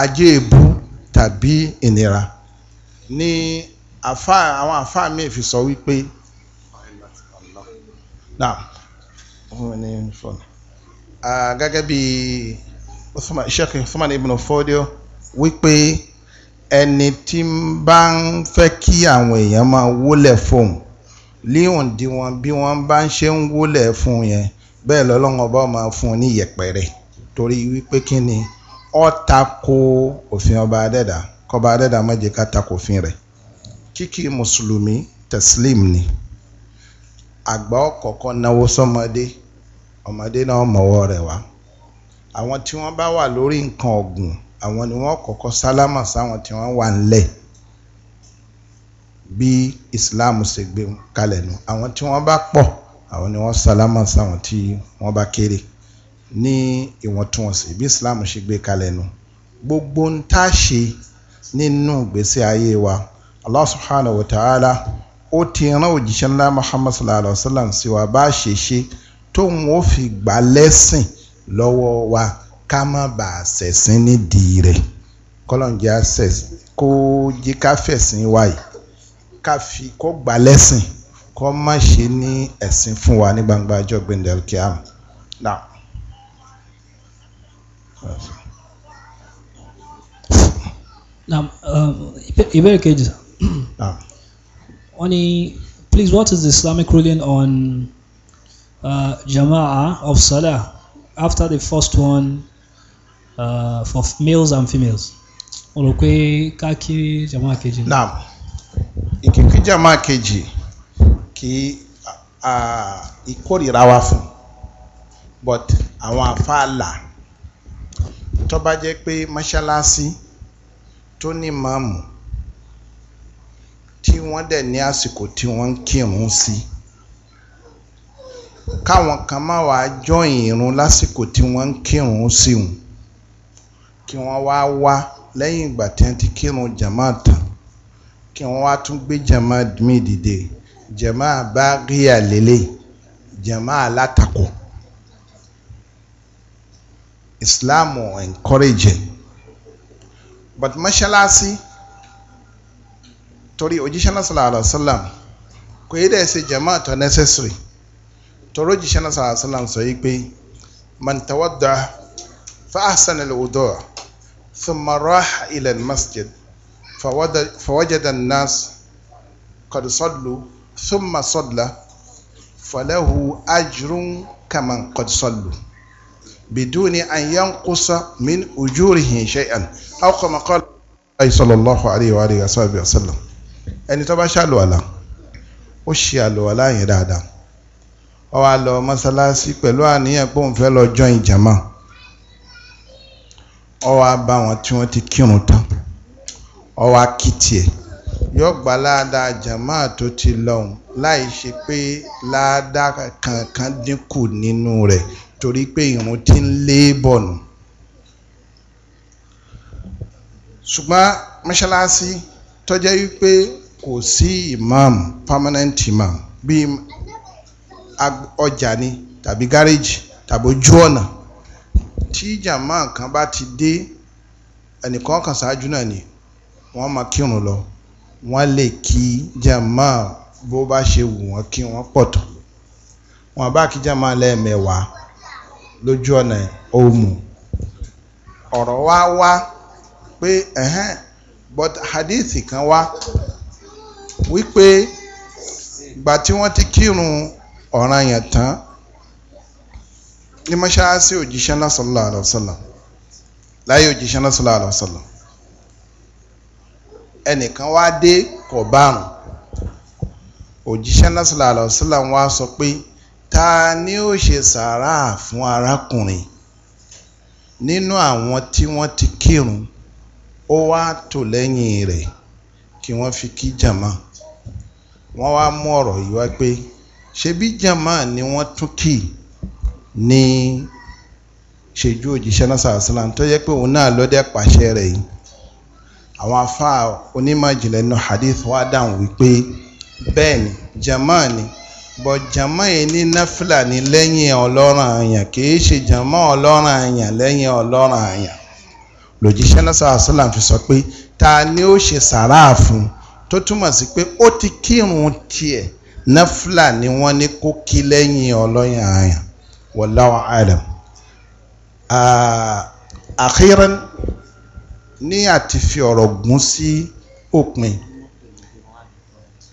ajé ebu tàbí ìnira ní àfa àwọn àfa mi fi sọ wípé gẹ́gẹ́ bí Sheikh Usman ibn Fodio wípé ẹni tí ń bá ń fẹ́ kí àwọn èèyàn máa wólẹ̀ fóun líhùn dí wọn bí wọ́n bá ń ṣe ń wólẹ̀ fún yẹn bẹ́ẹ̀ lọ́lọ́run ọba máa fún un ní yẹ̀pẹ̀rẹ̀ torí wípé kí ni ó tako òfin ọba adẹ́dà kọba adẹ́dà má jẹ́ ká tako òfin rẹ̀ kíkí mùsùlùmí tẹ̀sílìm ni àgbà ọ̀kọ̀ọ̀kan náwó sọmọdé ọmọdé náà mọ̀wọ́ rẹ̀ wá àwọn tí wọ́n bá wà lórí nǹkan ọ̀gùn àwọn ni wọ́n kọ́kọ́ sálámà sáwọn tí wọ́n wà ńlẹ̀ bí Islam ṣe gbé kalẹ̀ nù àwọn tí wọ́n bá pọ̀ àwọn ni wọ́n sálámà sáwọn tí wọ́n bá kéré ní ìwọ̀ntúnwọ̀nsì bí Islam ṣe gbé kalẹ̀ nu gbogbo ń tá a ṣe nínú ìgbésí ayé wa Allah subhanahu wa ta'ala ó ti rán òjíṣẹ́ ńlá Muhammad sallallahu alaihi wa sallam sí wa bá a ṣe ṣe tóun ó fi gbà lẹ́sìn lọ́wọ́ wa ká má bàa ṣẹ̀sìn nídìí rẹ̀ kọ́lọ́njẹ́ kó jí ká fẹ̀sìn wa yìí ká fi kó gbà lẹ́sìn kó má ṣe ní ẹ̀sìn fún wa ní gbangba ọjọ́ gbẹ̀ndẹ̀lkiam. Now. Um, ìbéèrè kejì sá wọ́n ní please what is the Islamic ruling on uh, jama'a of salah after the first one uh, for males and females mo rò pé ká jama'a kejì. naam ìkíkí jama'a kejì kí ìkórìíra wa fún but àwọn afáàlà tó bá jẹ́ pé mọ́ṣáláṣí tó ní màmù tí wọ́n dẹ̀ ní àsìkò tí wọ́n ń kírun sí káwọn kan má wàá jọyìn irun lásìkò tí wọ́n ń kírun sí wọn kí wọ́n wá wá lẹ́yìn ìgbà tí wọ́n ti kírun jàmá tán kí wọ́n wá tún gbé jàmá mi dìde jàmá bá rí àlélẹ́ jàmá alátakò. Islam ò encourage but mọ́ṣáláṣí torí òjíṣẹ́ náà sallallahu alaihi wasallam kò yí dẹ̀ ṣe jama tó necessary torí òjíṣẹ́ náà sallallahu alaihi wasallam sọ yìí pé man tawadda fa ahsana al-wudu' thumma raha ila al-masjid fawajada an-nas qad sallu thumma salla falahu ajrun kaman qad sallu. بدون أن ينقص من أجورهم شيئا أو كما قال صلى الله عليه وآله وصحبه وسلم ẹni tó bá ṣàlùwàlà ó ṣe àlùwàlà yẹn dáadáa ó wá lọ mọ́sálásí pẹ̀lú àníyàn pé òun fẹ́ lọ join jàmá ó wá bá wọn tí wọ́n ti kírun tán ó wá kí tiẹ̀ yóò gbà láàdáa jàmá tó ti lọ́hùn láì ṣe pé láàdáa kankan dínkù nínú rẹ̀ torí pé ìrun ti ń lé bọ̀nù ṣùgbọ́n mọ́ṣáláṣí tó wípé kò sí imam permanent imam bíi ọjà ni tàbí gáréjì tàbí ojú ọ̀nà tí jàmá kan bá ti dé ẹnìkan kan ṣáájú náà ni wọ́n máa kírun lọ wọ́n lè kí jàmá bó bá ṣe wù wọ́n kí wọ́n pọ̀ tó wọ́n bá kí jàmá lẹ́ẹ̀mẹ́wàá lójú ọ̀nà òmù ọ̀rọ̀ wa wá pé ẹ̀hẹ́n but hadith kan wá wípé ìgbà tí wọ́n ti kírun ọ̀ràn yẹn tán ní mọ́ṣáláṣí òjíṣẹ́ náà sallallahu alaihi wasallam láyé òjíṣẹ́ náà sallallahu alaihi wasallam ẹnìkan wá dé kọ̀ òjíṣẹ́ náà sallallahu alaihi wasallam wá sọ pé ta ni ó ṣe sàárà fún arákùnrin nínú àwọn tí wọ́n ti kírun ó wá tò lẹ́yìn rẹ̀ kí wọ́n fi kí jàmá wọ́n wá mú ọ̀rọ̀ yìí wá pé ṣebí jàmá ni wọ́n tún kì ní ṣèjú òjíṣẹ́ náà sàásìlà tó yẹ pé òun náà lọ́dẹ pàṣẹ rẹ̀ yìí àwọn afá onímọ̀ ìjìnlẹ̀ hadith wa dáhùn wípé bẹ́ẹ̀ ni jàmá ni bọ̀ jama yìí ní náfìlà ní lẹ́yìn ọlọ́ràn àyàn kìí ṣe jama ọlọ́ràn àyàn lẹ́yìn ọlọ́ràn àyàn lòjíṣẹ́ lọ́sọ̀ àṣọlá fi sọ pé ta ni ó ṣe sàrà fún tó túmọ̀ sí pé ó ti kírun tiẹ̀ náfìlà ni wọ́n ní kó kí lẹ́yìn ọlọ́ràn àyàn wallahu alam àkírán ní àti fi ọ̀rọ̀ gùn sí òpin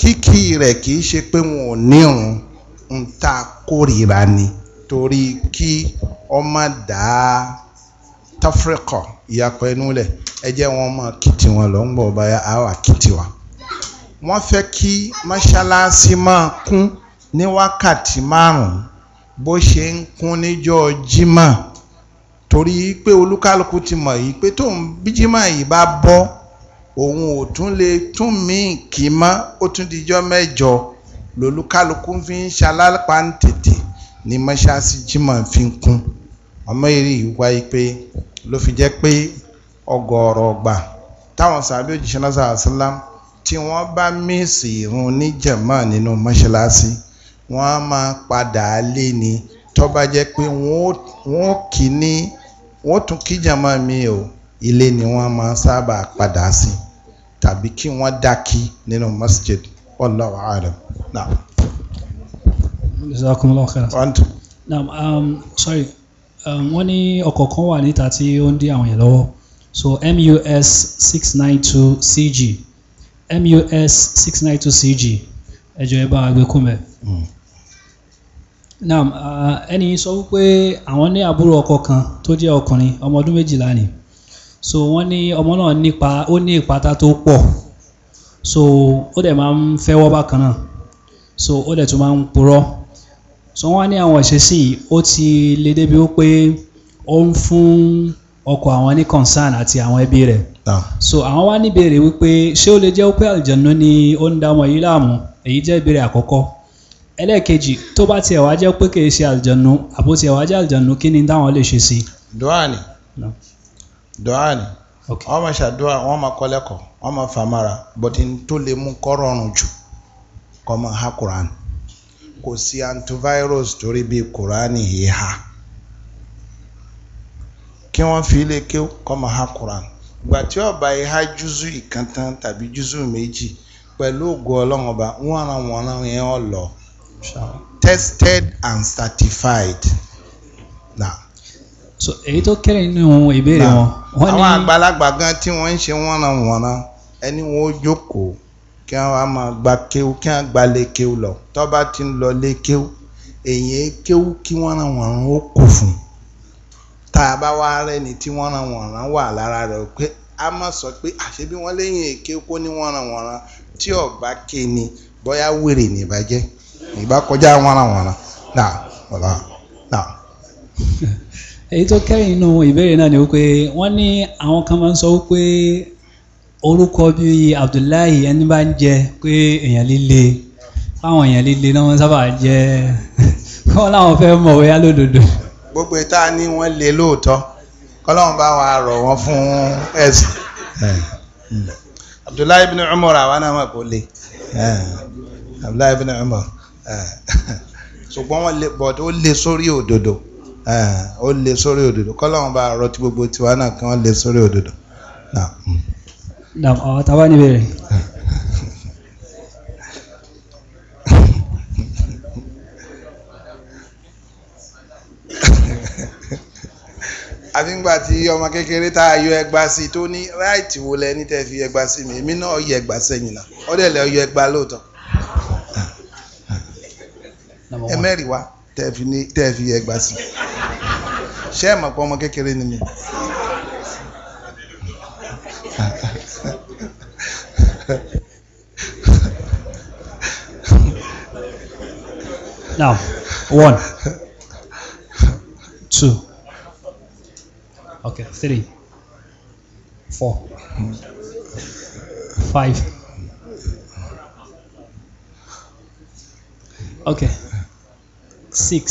kíkí rẹ̀ kì í ṣe pé wọn ò nírun ń ta kórìíra ni torí kí ọmọ dá tafrikọ ìyapọ̀ ẹnu lẹ̀ ẹ jẹ́ wọn máa kí tiwọn lọ ń bọ̀ báyà á wà kí tiwa. wọ́n fẹ́ kí mọ́ṣáláṣí máa kún ní wákàtí márùn-ún bó ṣe ń kún níjọ́ jimá torí pé olúkálùkù ti mọ̀ yìí pé tóun bí jimá yìí bá bọ́ òun ò tún lè tún míì kì í mọ́ ó tún dijọ́ mẹ́jọ lolúkálukú fi ń ṣalápá ń tètè ní mọ́ṣáláṣí jimá fi ń kún ọmọ eré ìwá yìí pé ló fi jẹ́ pé ọgọ́rọ̀ ọgbà táwọn sàbí òjíṣẹ́ náà sàlám tí wọ́n bá mísì irun ní nínú mọ́ṣáláṣí wọ́n á máa padà lé ni tó bá jẹ́ pé wọ́n ó kì í ní wọ́n tún kí mi o ilé ni wọ́n máa sábà padà sí tàbí kí wọ́n dákí nínú masjid wallahu alam náà. um, sorry um, wọ́n ní ọkọ̀ kan wà níta tí ó ń dí àwọn yẹn lọ́wọ́ so mus six nine two cg mus six nine two cg ẹjọ́ ẹ bá a gbé kún mẹ́. Hmm. naam uh, ẹni sọ wípé àwọn ní àbúrò ọkọ kan tó jẹ́ ọkùnrin ọmọ ọdún méjìlá ni. Mm so wọ́n ní ọmọ náà nípa ó ní ìpátá tó pọ̀ so ó dẹ̀ máa ń fẹ́wọ́ bákan náà so ó dẹ̀ tún máa ń purọ́ so wọ́n ní àwọn ìṣesí ó ti le débi ó pé ó ń fún ọkọ àwọn ní concern àti àwọn ẹbí rẹ̀ so àwọn wá níbèrè wípé ṣé ó lè jẹ́ pé àlùjànnú ni ó ń dá ọmọ yìí láàmú èyí jẹ́ ìbéèrè àkọ́kọ́ ẹlẹ́ẹ̀kejì tó bá tiẹ̀ wá jẹ́ pé kì í ṣe àlùjànnú àbó wá jẹ́ àlùjànnú kí ni táwọn lè ṣe sí i. dùn àná. dua ni wọ́n máa ṣàdúrà wọ́n máa kọ́ lẹ́kọ̀ọ́ wọ́n máa fàmàrà bọ́tí tó lè mú kó rọrùn jù ha quran kò sí antivirus torí bíi quran yìí ha kí wọ́n fi lè ké kó ha quran ìgbà tí ọba yìí ha júzù ikantan tàbí júzù méjì pẹ̀lú ògo ọlọ́run ọba wọ́n ara wọn ara yẹn lọ tested and certified na. so èyí tó kéré nínú ìbéèrè wọn. àwọn àgbàlagbà gan tí wọ́n ń ṣe wọ́nà wọ̀nà ẹni wọn ó jókòó kí wọ́n máa gba kéwú kí wọ́n gba lé kéwú lọ tó bá ti ń lọ lé kéwú èyí kéwú kí wọ́nà wọ̀nà ó kù fún tá a bá wá ni tí wọ́nà wọ̀nà wà lára rẹ̀ pé a máa sọ pé àṣé bí wọ́n léyìn èké kó ní wọ́nà tí ọ̀gbá ké ni bóyá wèrè ní ìbàjẹ́ ìbá kọjá wọ́nà náà náà èyí tó kẹ́yìn inú ìbéèrè náà ni wípé wọ́n ní àwọn kan máa ń sọ wípé orúkọ bíi Abdullahi ẹni bá ń jẹ pé èèyàn líle fáwọn èèyàn líle náà wọ́n sábà jẹ *laughs* wọ́n láwọn fẹ́ mọ̀ wẹ́yà lódodo. gbogbo ìta ni wọ́n lè lóòótọ́ kọ́lọ́run bá wa rọ̀ wọ́n fún ẹ̀sìn. Abdullahi ibn Umar àwa náà mà kò le Abdullahi ibn Umar ṣùgbọ́n wọ́n lè bọ̀ tó lè sórí òdodo. Eh, ó lè sórí òdòdó kọ́lọ́run bá rọtí gbogbo tiwa náà kí wọ́n lè sórí òdòdó. ọ̀ tàbá níbẹ̀ rẹ̀. *laughs* àfíngbà tí ọmọ kékeré tá a yọ ẹgba sí tó ní ráìtì wo lẹ ní tẹ́ fi ẹgba sí mi èmi náà yọ ẹgba sẹ́yìn náà ó dẹ̀ lẹ́ yọ ẹgba lóòótọ́ ẹ mẹ́rìí wá tẹ́ fi ẹgba sí. ṣé ẹ̀ mọ̀ pé ọmọ kékeré ni mi. Now, one, two, okay, three, four, five. Okay, six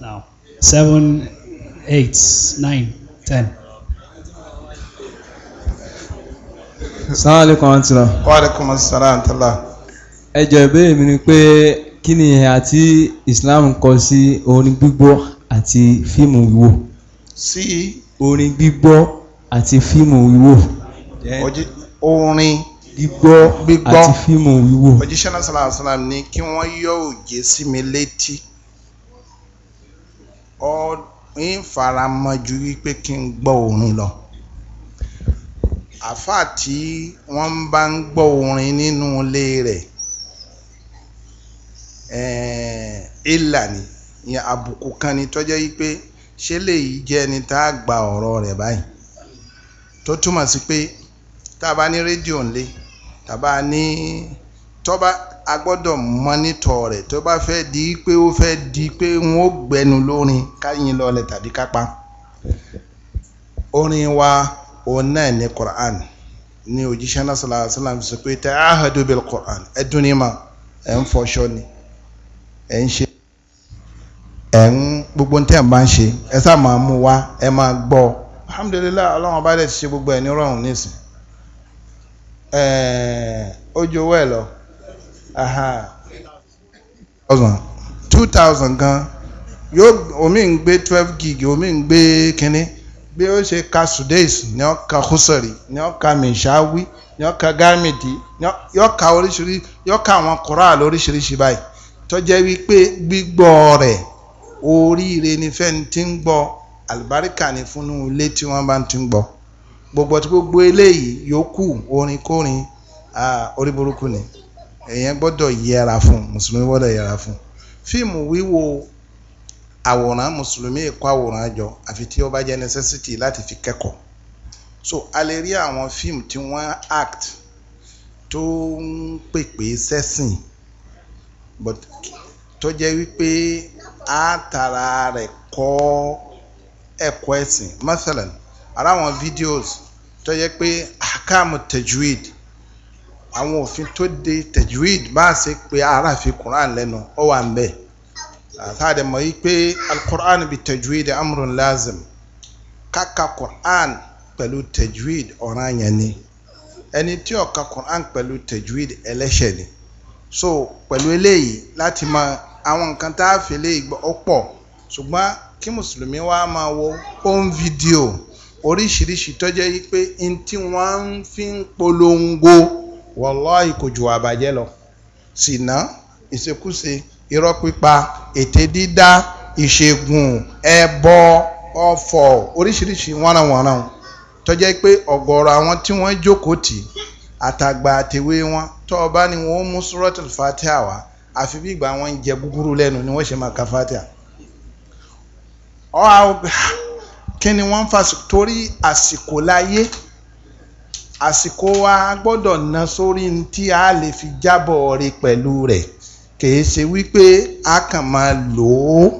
now, seven, eight nine ten. Assalamu alaikum àtúrà. Wa alaikum assalam àtàlà. ẹ jọ ìbéèrè mi ni pé kí ni ìhà tí Islam kọ sí orin gbígbọ́ àti fíìmù wíwò. sí orin gbígbọ́ àti fíìmù wíwò. orin gbígbọ́ àti fíìmù wíwò. òjíṣẹ́ náà sàlàyé sàlàm ní kí wọ́n yọ òjé sí mi létí ń faramọ́ ju wípé kí n gbọ́ orin lọ àfà tí wọ́n bá ń gbọ́ orin nínú ilé rẹ̀ ìlà eh, ni ìyẹn àbùkù kan ni tọ́jọ́ yìí pé ṣé lèyí jẹ́ ẹni tá a gba ọ̀rọ̀ rẹ̀ báyìí tó túmọ̀ sí pé tá a bá ní rédíò ńlé tá a bá ní tọ́ba a gbọ́dọ̀ mọ́nítọ̀ rẹ̀ tó bá fẹ́ di pé ó fẹ́ di pé wọ́n ó gbẹnu lórin káyìn lọlẹ̀ tàbí kápá orin wa òun náà ní Qur'an ní òjíṣẹ́ náà sallallahu alaihi wasallam sọ pé ta'ahadu bil Qur'an ẹdún ní ma ẹ̀ ń fọṣọ ni ẹ̀ ń ṣe ẹ̀ ń gbogbo tẹ́ ẹ̀ bá ń ṣe ẹ sá máa mú wá ẹ máa gbọ́ alhamdulilayi ọlọ́run ọba dẹ̀ ti ṣe gbogbo ẹ̀ ní rọrùn nísìn ẹ̀ ó jowó ẹ̀ lọ two thousand gan yóò omi ń gbé twelve gig omi ń gbé kínní bí ó ṣe ka sudeis ní ó ka húsọ̀rì ní ó ka mìṣáwí ní ó ka gámìdì yóò ka oríṣiríṣi yóò ka àwọn kura lóríṣiríṣi báyìí tó jẹ́ wípé gbígbọ́ rẹ̀ oríire ni fẹ́ni tí ń gbọ́ àlùbáríkà ni fúnnú ilé tí wọ́n bá ti ń gbọ́ gbogbo tí gbogbo eléyìí yòókù orin kórin orí burúkú ni èèyàn gbọ́dọ̀ yẹra fún mùsùlùmí gbọ́dọ̀ yẹra fún fíìmù wíwo àwòrán mùsùlùmí èkó àwòrán àjọ àfi tí ó bá jẹ́ necessity láti fi kẹ́kọ̀ọ́ so a lè rí àwọn fíìmù tí wọ́n act tó ń pèpè sẹ́sìn but tó jẹ́ wípé a tara rẹ̀ kọ́ ẹ̀kọ́ ẹ̀sìn masalan ara àwọn videos tó jẹ́ pé akamu tajwid àwọn òfin tó de tajwid bá a ṣe pé aráàfin quran lẹ́nu ọ wà ń bẹ àtàdé mọ̀ yìí pé alquran bi tajwid amrun lazim kàkà quran pẹ̀lú tajwid ọ̀ranyàn ni ẹni tí ó quran pẹ̀lú tajwid ẹlẹ́ṣẹ̀ ni so pẹ̀lú eléyìí láti máa àwọn nǹkan tá a fi léyìí gbọ́ ọ pọ̀ ṣùgbọ́n kí mùsùlùmí wa máa wo home video oríṣiríṣi tó jẹ́ yí pé n wọ́n fi ń polongo wàláì kò ju àbàjẹ́ lọ ṣìnà ìṣekúṣe irọ́ pípa ète dídá ìṣègùn ẹbọ ọ̀fọ̀ oríṣiríṣi wọ́nranwọ̀nran tó jẹ́ pé ọ̀gọ̀ọ̀rọ̀ àwọn tí wọ́n jókòó tì àtàgbà àtẹ̀wé wọn tó ọba ni wọ́n mú suratul fatiha wá àfi bí ìgbà wọn ń jẹ gúgúrú lẹ́nu ni wọ́n ṣe máa ka fatiha. kí ni wọ́n ń fa torí àsìkò láyé àsìkò wa gbọ́dọ̀ ná sórí ní tí a lè fi jábọ̀ rẹ pẹ̀lú rẹ̀ kìí ṣe wípé a kàn máa lò ó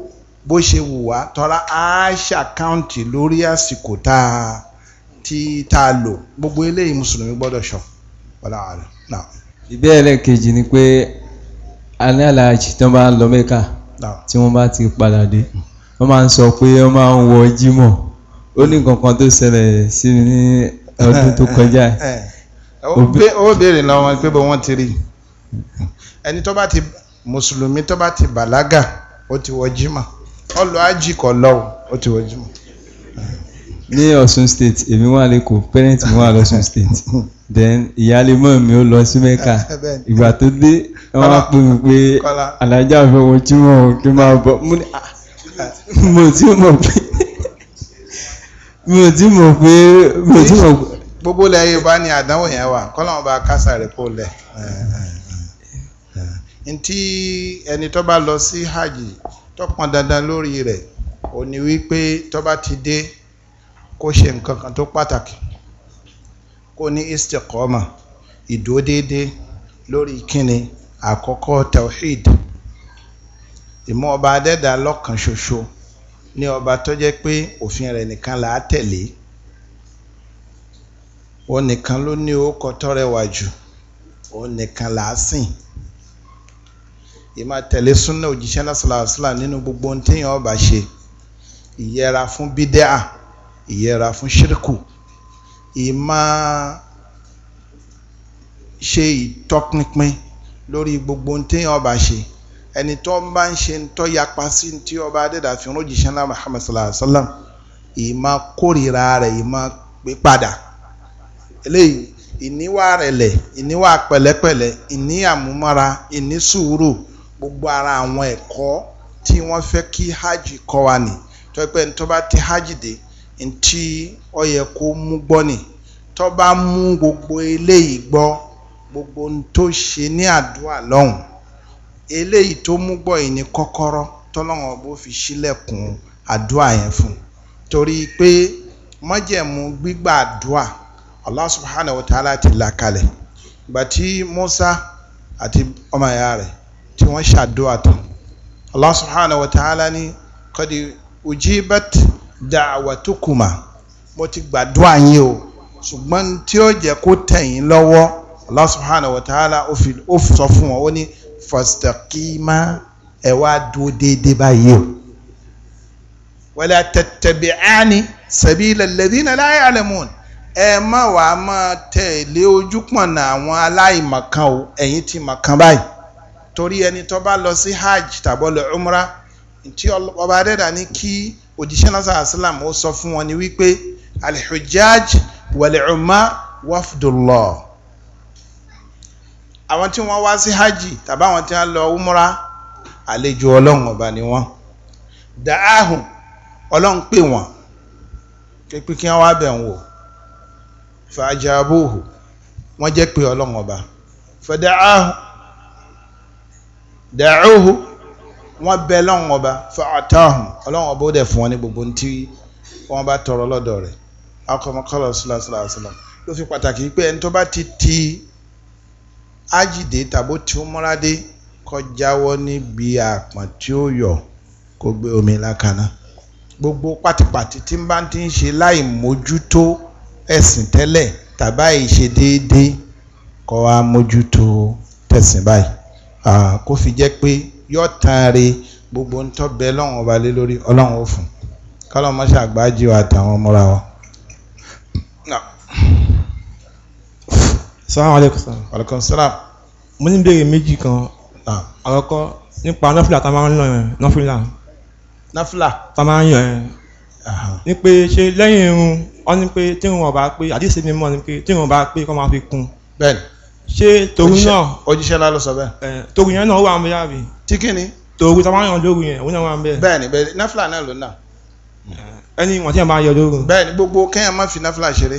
bó ṣe wù wá tọ́ra a ṣàkáǹtì lórí àsìkò tá a ti tá a lò gbogbo eléyìí mùsùlùmí gbọ́dọ̀ ṣọ wàlá àlọ́ náà. ìbéèrè kejì ni pé alálàájì tó bá lọ Mẹ́kà tí wọ́n bá ti padà dé wọ́n máa ń sọ pé wọ́n máa ń wọ jímọ̀ ó ní nǹkan kan tó ṣẹlẹ̀ sí ní ọdún tó eh, kọjá eh, eh. ó béèrè lọ́wọ́ pé bó wọ́n ti rí ẹni tó bá ti mùsùlùmí tó bá ti bàlágà ó ti wọ jimá ọlọ ají kọ lọ́wọ́ ó ti wọ jimá. ní Ọ̀ṣun state èmi wà lẹ́kọ̀ọ́ parent mi wà lọ́ṣun state then ìyálémọ̀ mi ó lọ sí mẹ́ka *laughs* ìgbà tó dé wọ́n á pè mí pé alájà fẹ́ wọ jimá o kí n máa bọ̀ mo ah, ti mọ̀ pé mi ò tí mọ̀ pé mi ò tí mọ̀ pé. gbogbo ilẹ̀ Yorùbá ni àdánwò yẹn wà kọ́lọ́n ọba kásá rẹ̀ kó lẹ̀. ntí ẹni tó bá lọ sí hajj tó pọn dandan lórí rẹ̀ ò ní wípé tó bá ti dé kó ṣe nǹkan kan tó pàtàkì kó ní istiqoma ìdúródédé lórí kíni àkọ́kọ́ tawhid ìmọ̀ ọba adẹ́dàá lọ́kan ṣoṣo ní ọba tó jẹ́ pé òfin rẹ̀ nìkan là á tẹ̀lé òun nìkan ló ní orúkọ tó rẹwà jù òun nìkan là á sìn ìmá tẹ̀lé súnà òjíṣẹ́ náà sọ̀rọ̀ àṣìlá nínú gbogbo ohun téèyàn ọba ṣe ìyẹra fún bídẹ́à ìyẹra fún ṣírkù ìmá ṣe ìtọ́pinpin lórí gbogbo ohun téèyàn ọba ṣe ẹni tó ń bá ń ṣe tó yapa sí tí ọba adẹ́dà fi ń rojìṣẹ́ ńlá Muhammad sallallahu alayhi wa sallam ìmá kórìíra rẹ̀ ìmá pé padà eléyìí ìníwà rẹ̀lẹ̀ ìníwà pẹ̀lẹ́pẹ̀lẹ́ ìní àmúmọ́ra ìní sùúrù gbogbo ara àwọn ẹ̀kọ́ tí wọ́n fẹ́ kí hajj kọ́ wa nì tó pẹ́ ní tó bá ti hajj dé ntí ó yẹ kó mú gbọ́ nì tó bá mú gbogbo eléyìí gbọ́ gbogbo ohun ṣe ní àdúrà lọ́hùn eléyìí tó mú gbọ̀yìn ní kọ́kọ́rọ́ tọ́lọ́run ọba ó fi sílẹ̀kùn àdúrà yẹn fún torí pé májẹ̀mú gbígbà àdúrà Allah subhanahu wa ta'ala ti là kalẹ̀ ìgbà tí Musa àti ọmọ ìyá rẹ̀ tí wọ́n ṣàdúrà tán Allah subhanahu wa ta'ala ní kọ́di ujibat da'watukuma mo ti gbàdúrà yín o ṣùgbọ́n tí ó jẹ́ kó tẹ̀yìn lọ́wọ́ Allah subhanahu wa ta'ala ó sọ fún wọn ó ní fastaqima ẹ wá dúró déédéé báyìí o wala tattabi'ani sabila alladhina la ya'lamun ẹ má wàá máa tẹ̀lé ojú pọ̀nà àwọn aláìmọ̀kan o ẹ̀yin ti mọ̀kan báyìí torí ẹni tó bá lọ sí hajj tàbọ̀ lọ umra tí ọba adẹ́dà ní kí òjíṣẹ́ náà sàásìlám ó sọ fún wọn ni wípé alhujjaj wal umma wafdullah àwọn tí wọ́n wá sí hajj tàbí àwọn tí wọ́n lọ umra àlejò ọlọ́run ọba ni wọ́n dàáhùn ọlọ́run pè wọ́n pé kí wọ́n wá bẹ̀ ń wò fàjàbóhù wọ́n jẹ́ pé ọlọ́run ọba fàdáhùn dàáhù wọ́n bẹ lọ́run ọba fàtàhùn ọlọ́run ọba ó dẹ̀ fún wọn ní gbogbo tí wọ́n bá tọrọ lọ́dọ̀ rẹ̀ akọmọkọlọ sílásílásílá ló fi pàtàkì pé ẹni tó bá ti ti ájìdé tàbó tí ó múra dé kó jáwọ́ níbi àpọ̀n tí ó yọ̀ kó gbé omi lákaná gbogbo pátipàti tí ń bá ti ń ṣe láì mójútó ẹ̀sìn tẹ́lẹ̀ tàbá ìṣe déédéé kó wá mójútó tẹ̀sìn báyìí kó fi jẹ́ pé yọ taare gbogbo ń tọ́ bẹ lọ́wọ́n ọba lé lórí ọlọ́run ó fún kọ́lọ́ mọ́ṣáà gbájú àtàwọn ọmọ ra wọn salaam aleykum salaam. aleykum salaam. mo ní béèrè méjì kan. àkọ́kọ́ nípa nọ́fìlà tá a máa ń lọ yẹn nọ́fìlà. nọ́fìlà. tá a máa ń yọ yẹn. ní pé ṣe lẹ́yìn irun wọ́n ní pé tí irun ọba pé àdìsí mi mọ̀ ní pé tí irun ọba pé kọ́ máa fi kún. bẹ́ẹ̀ni. ṣé toru náà. òjíṣẹ́ la ló sọ bẹ́ẹ̀. toru yẹn náà ó wà ń bẹ́ẹ̀ àbí. tí kí ni. toru tá a máa ń yan lóru yẹn òun náà wà ń bẹ́ẹ̀. bẹ́ẹ̀ni bẹ́ẹ̀ni nọ́fìlà náà ló ná ẹni wọn tí a máa yọ lóru. bẹ́ẹ̀ni gbogbo kẹ́hìn máa fi náfìlà ṣeré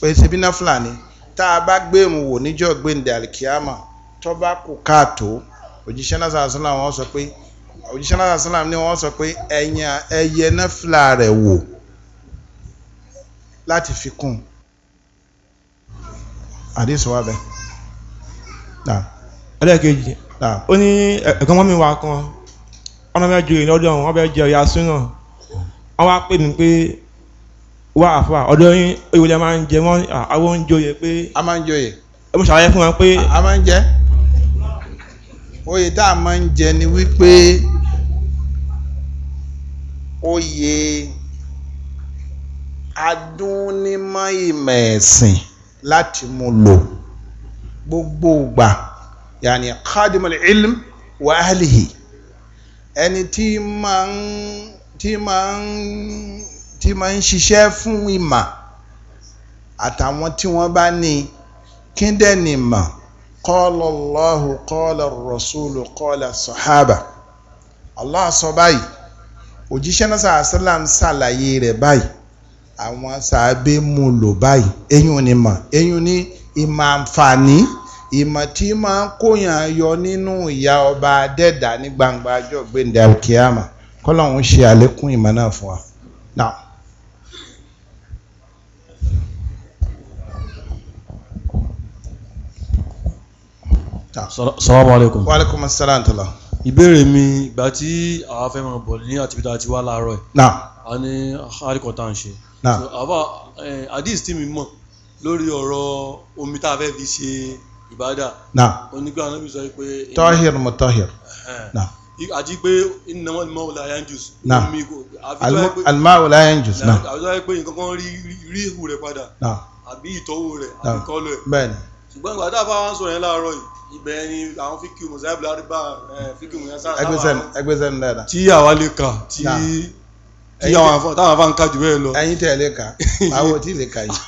pé ṣe bí náfìlà ni tá a bá gbẹ̀rù wò níjọ́ gbẹ̀ǹdẹ̀ alikiyama tó bá kù káàtó òjíṣẹ́ náà sàn sàn wọn sọ pé òjíṣẹ́ náà sàn sàn ni wọ́n sọ pé ẹ̀yìn ẹyẹ náà fìlà rẹ̀ wò láti fi kún un àdéhùn wa bẹ́ẹ̀. ẹlẹ́ẹ̀kejì ó ní ẹ̀gbọ́n mọ́mí wa kan ọ̀nà bẹ́ẹ̀ ju ìlọ́dọ̀ wọn jẹ́ ọ̀yà sínú wọn wá pè mí pé wá àfà ọ̀dọ̀ yín èwo lẹ máa ń jẹ wọ́n àwọn ń joyè pé. a máa ń joyè. ẹ mọ̀ ṣàlàyé fún wa pé. a máa ń jẹ oyè tá a máa ń jẹ ni wípé oyè adúnímọ̀ ìmọ̀ ẹ̀sìn láti mú lò gbogbo ìgbà yàní khadimul ilm wa ẹni tí máa ń tí máa ń tí máa ń ṣiṣẹ́ fún ìmà àtàwọn tí wọ́n bá ní kíndẹ̀nì mọ̀ qala Allahu qala ar-rasulu qala as-sahaba Allah sọ báyìí òjíṣẹ́ náà sàásílà ń ṣàlàyé rẹ̀ báyìí àwọn sàábé mú lò báyìí eyín ni mọ̀ eyín ni ìmọ̀ àǹfààní ìmọ̀ tí máa ń kóyàn yọ nínú ìyà ọba adẹ́dà ní gbangba ọjọ́ gbẹ̀ndẹ̀ alkiyama kọ́lọ́hún ṣe àlékún ìmọ̀ náà fún wa. Now. Assalamu alaikum. Wa alaikum assalam tala. ìbéèrè mi ìgbà tí àwa fẹ́ máa bọ̀ ní àtibítà àti wá láàárọ̀ ẹ̀. na. a ní àríkọ̀ tá à ń ṣe. na. àbá hadith tí mi mọ̀ lórí ọ̀rọ̀ omi tá a fẹ́ fi ṣe ìbádà. na. onígbà náà mi sọ pé. tahir mutahir. na àti pé iná wọn ni mọ wòlá yan jùs. na alima wòlá yan jùs na. àbí wáyé pé nǹkan kan rí rí ihu rẹ padà. na àbí ìtọ́wò rẹ àbí kọ́lọ̀ ẹ̀. bẹ́ẹ̀ni. ṣùgbọ́n ìgbà tá a fáwọn sọ̀rọ̀ yẹn láàárọ̀ yìí ibẹ̀ ni àwọn fíkì mùsàlẹ̀ bùláríbà fíkì mùsàlẹ̀ ẹgbẹ́sẹ̀nu dáadáa tí àwa lè kà tí àwọn afá ń kà jù bẹ́ẹ̀ lọ. ẹ̀yin tẹ ẹ lè kà àwọn tí lè kà yìí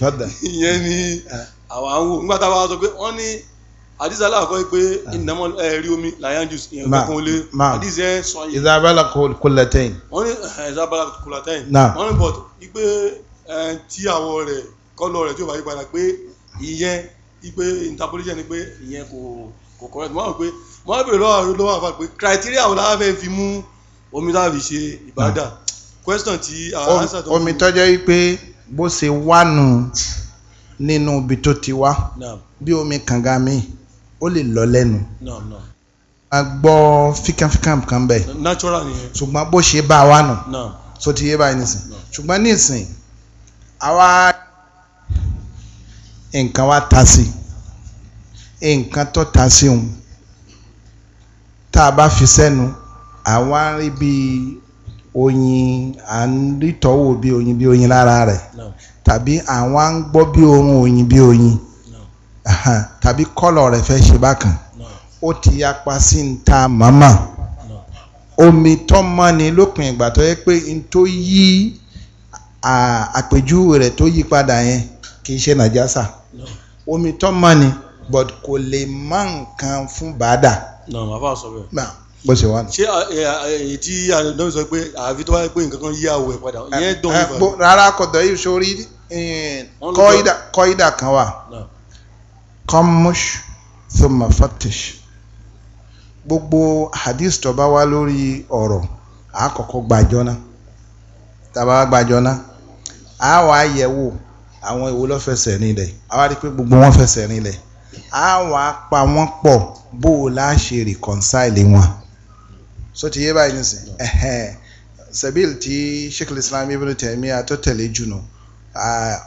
fọdà. *laughs* ìyẹn ni àwa ń wò nígbà tá a bá sọ pé wọ́n ní àdìsí aláàkọ́ pé ìnáwó ah. ẹ̀rí omi lion juice ìyẹn kankan lé àdìsí ẹ̀ sọ yìí. ìsabala kulatain. wọ́n ní ìsabala eh, kulatain. wọ́n ní bọ̀t ipe tí àwọ̀ rẹ̀ kọ́lọ̀ rẹ̀ tí ò bá yí padà pé ìyẹn ipe interpolation ni pé ìyẹn kò kò correct mo rò pé mo rò pé lọ́wọ́ lọ́wọ́ àfa pé criteria wo la fẹ́ fi mú omi tá a fi ṣe ìbádà question ti àwọn answer tó. omi tọ́jọ́ yìí pé bó ṣe wà nù nínú ibi tó ti wá bí omi kànga mi ó lè lọ lẹ́nu a gbọ́ fíkàfíkàm kan bẹ́ẹ̀ natural nìyẹn ṣùgbọ́n bó ṣe bá wa nù so ti yé báyìí nísìn ṣùgbọ́n nísìn àwa nǹkan wá ta sí nǹkan tó ta sí òun tá a bá fi sẹ́nu àwa ń rí bí oyin à ń rítọ́wò bí oyin bí oyin lára rẹ̀ tàbí àwa ń gbọ́ bí ohun oyin bí oyin tàbí kọ́lọ̀ rẹ̀ fẹ́ ṣe bákan ó ti yapa sí ń ta màmá omi tó mọ́ ni lópin ìgbà tó yẹ pé n tó yí àpèjúwe rẹ̀ tó yí padà yẹn kì í ṣe nàjásà omi tó mọ́ ni but kò lè má nǹkan fún bàdà. nà má fà sọ bẹ́ẹ̀. bó ṣe wà ní. ṣé èyí tí àdánwò sọ pé àfi tó wáyé pé nǹkan kan yí àwọ̀ ẹ̀ padà ìyẹn dùn mí fà. rárá kọ̀dọ̀ yìí sórí kọ́ídà kan wà kọ́mùṣ thumma fattish gbogbo hadith tó bá wá lórí ọ̀rọ̀ àkọ́kọ́ gbàjọ́ tàbá gbàjọ́ náà àá àwọn èwo ló fẹsẹ̀ nílẹ̀ àwa rí i pé gbogbo wọn fẹsẹ̀ nílẹ̀ á wà á pa wọ́n pọ̀ bó o lá ṣe reconcile wọn so ti yé báyìí nísìn sabil tí sheikh islam ibn Taymiyyah atọ́tẹ̀lé jùnú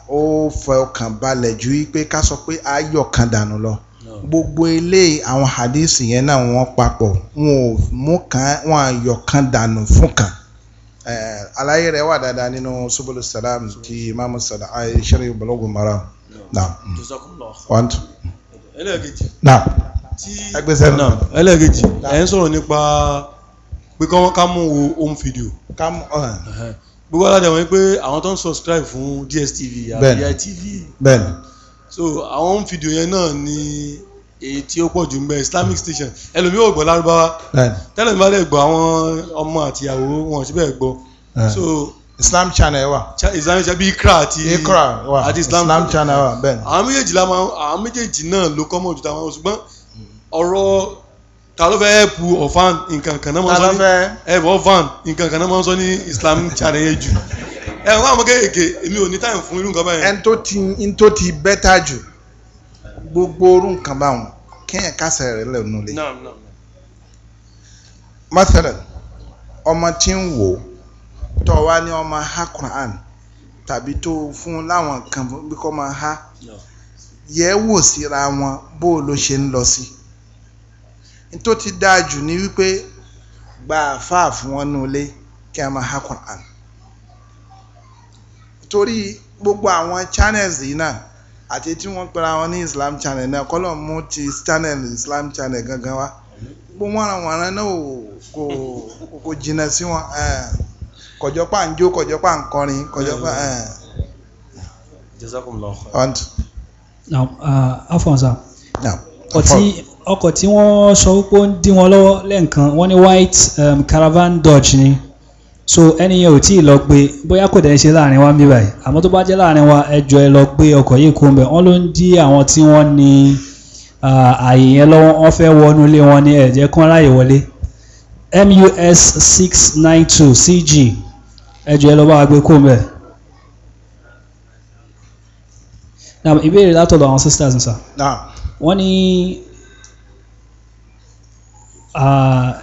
ó fọkàn balẹ̀ ju pé ká sọ pé ayọ̀ kan dànù lọ gbogbo eléyìí àwọn hadith yẹn náà wọ́n papọ̀ wọn ò mú kan wọn àyọ̀ kan dànù fún kan àlàyé eh, rẹ̀ wà dáadáa nínú subulu salam ti imaamu sada'ayi sharif balogun mara na one two na ẹgbẹ́sẹ̀ náà ẹlẹ́gẹ̀jì ẹ̀ ń sọ̀rọ̀ nípa pé kí wọ́n ká mú wo home video gbogbo aládé wọn pé àwọn tó ń subscribe fún DSTV àti DITV so àwọn home video yẹn náà ni èyí tí ó pọ̀ jù ń bẹ islamic station ẹlòmíì ò gbọ́ lárúbáwá tẹ́lẹ̀ nígbà dẹ̀ gbọ́ àwọn ọmọ àtìyàwó wọn síbẹ̀ gbọ́ so islam channel wa islam channel bí ikra àti ikra wa àti islam, channel wa bẹ́ẹ̀ ni. àwọn méjèèjì la máa àwọn méjèèjì náà ló kọ́ mọ̀ ju táwọn ṣùgbọ́n ọ̀rọ̀ ta ló fẹ́ ẹ̀pù ọ̀fan nǹkan náà máa ń sọ ní ẹ̀pù ọ̀fan nǹkan náà máa ń sọ ní islam channel yẹn jù ẹ̀rọ àwọn kéèké èmi ò ní táyà fún irú nǹkan báyẹn. ẹni tó ti bẹ́tà jù gbogbo orú nǹkan báwọn kéèyàn kásẹ̀ rẹ̀ lẹ́nu lé. mọ́tẹ́lẹ̀ ọmọ tí ń wò tọ́ wa ní ọmọ ha Quran tàbí tó fún láwọn kan bí kò máa ha yẹ wò síra wọn bó ló ṣe ń lọ sí. tó ti dáa jù ní wípé gba àfáà fún wọn nulẹ̀ kí a máa ha Quran torí gbogbo àwọn channels yìí náà àti tí wọ́n pera wọn ní Islam Channel náà kọ́lọ̀ mú ti channel Islam Channel gangan wa gbogbo wọn àwọn ará náà kò kò jìnnà sí wọn kọjọ pa ń jó kọjọ pa ń kọrin kọjọ pa. Jazakumullahu khairan. now afonso ọtí ọkọ̀ tí wọ́n sọ wípé ó ń dí wọn lọ́wọ́ lẹ́ẹ̀kan wọ́n ní white um, caravan dodge ni so ẹni yẹn ò tí ì lọ gbé bóyá kò dẹ̀ ń ṣe láàrin wa ń bí báyìí àmọ́ tó bá jẹ́ láàrin wa ẹjọ́ ẹ lọ gbé ọkọ̀ yìí kó ń wọ́n ló ń dí àwọn tí wọ́n ní ààyè yẹn lọ́wọ́ wọ́n fẹ́ wọnú ilé wọn ní ẹ̀jẹ̀ kan ráyè wọlé mus six nine two cg ẹjọ́ ẹ lọ bá wa gbé kó ń bẹ̀. na ìbéèrè látọ̀dọ̀ àwọn sisters nìsa wọ́n ní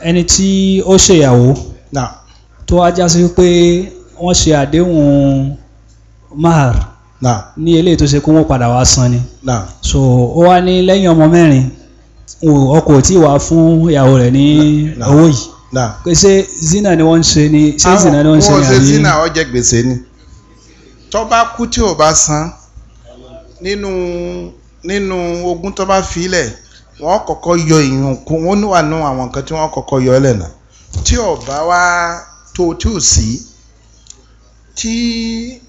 ẹni tí ó ṣèyàwó tó wá já sí pé wọ́n ṣe àdéhùn mahar ní eléyìí tó ṣe kó wọ́n padà wá san ni so ó wá ní lẹ́yìn ọmọ mẹ́rin ọkọ tí wàá fún ìyàwó rẹ̀ ní owó yìí pé ṣé zina ni wọ́n ń ṣe ni ṣé zina ni wọ́n ń ṣe ni àbí. àwọn ohun zina ọjẹ gbèsè ni tó bá kú tí ò bá san nínú nínú ogún tó bá filẹ̀ wọ́n kọ́kọ́ yọ ìyànkú wọ́n níwà nù àwọn nǹkan tí wọ́n kọ́kọ́ yọ ẹ̀ lẹ́nà tí ò bá wá tó tí ò sí tí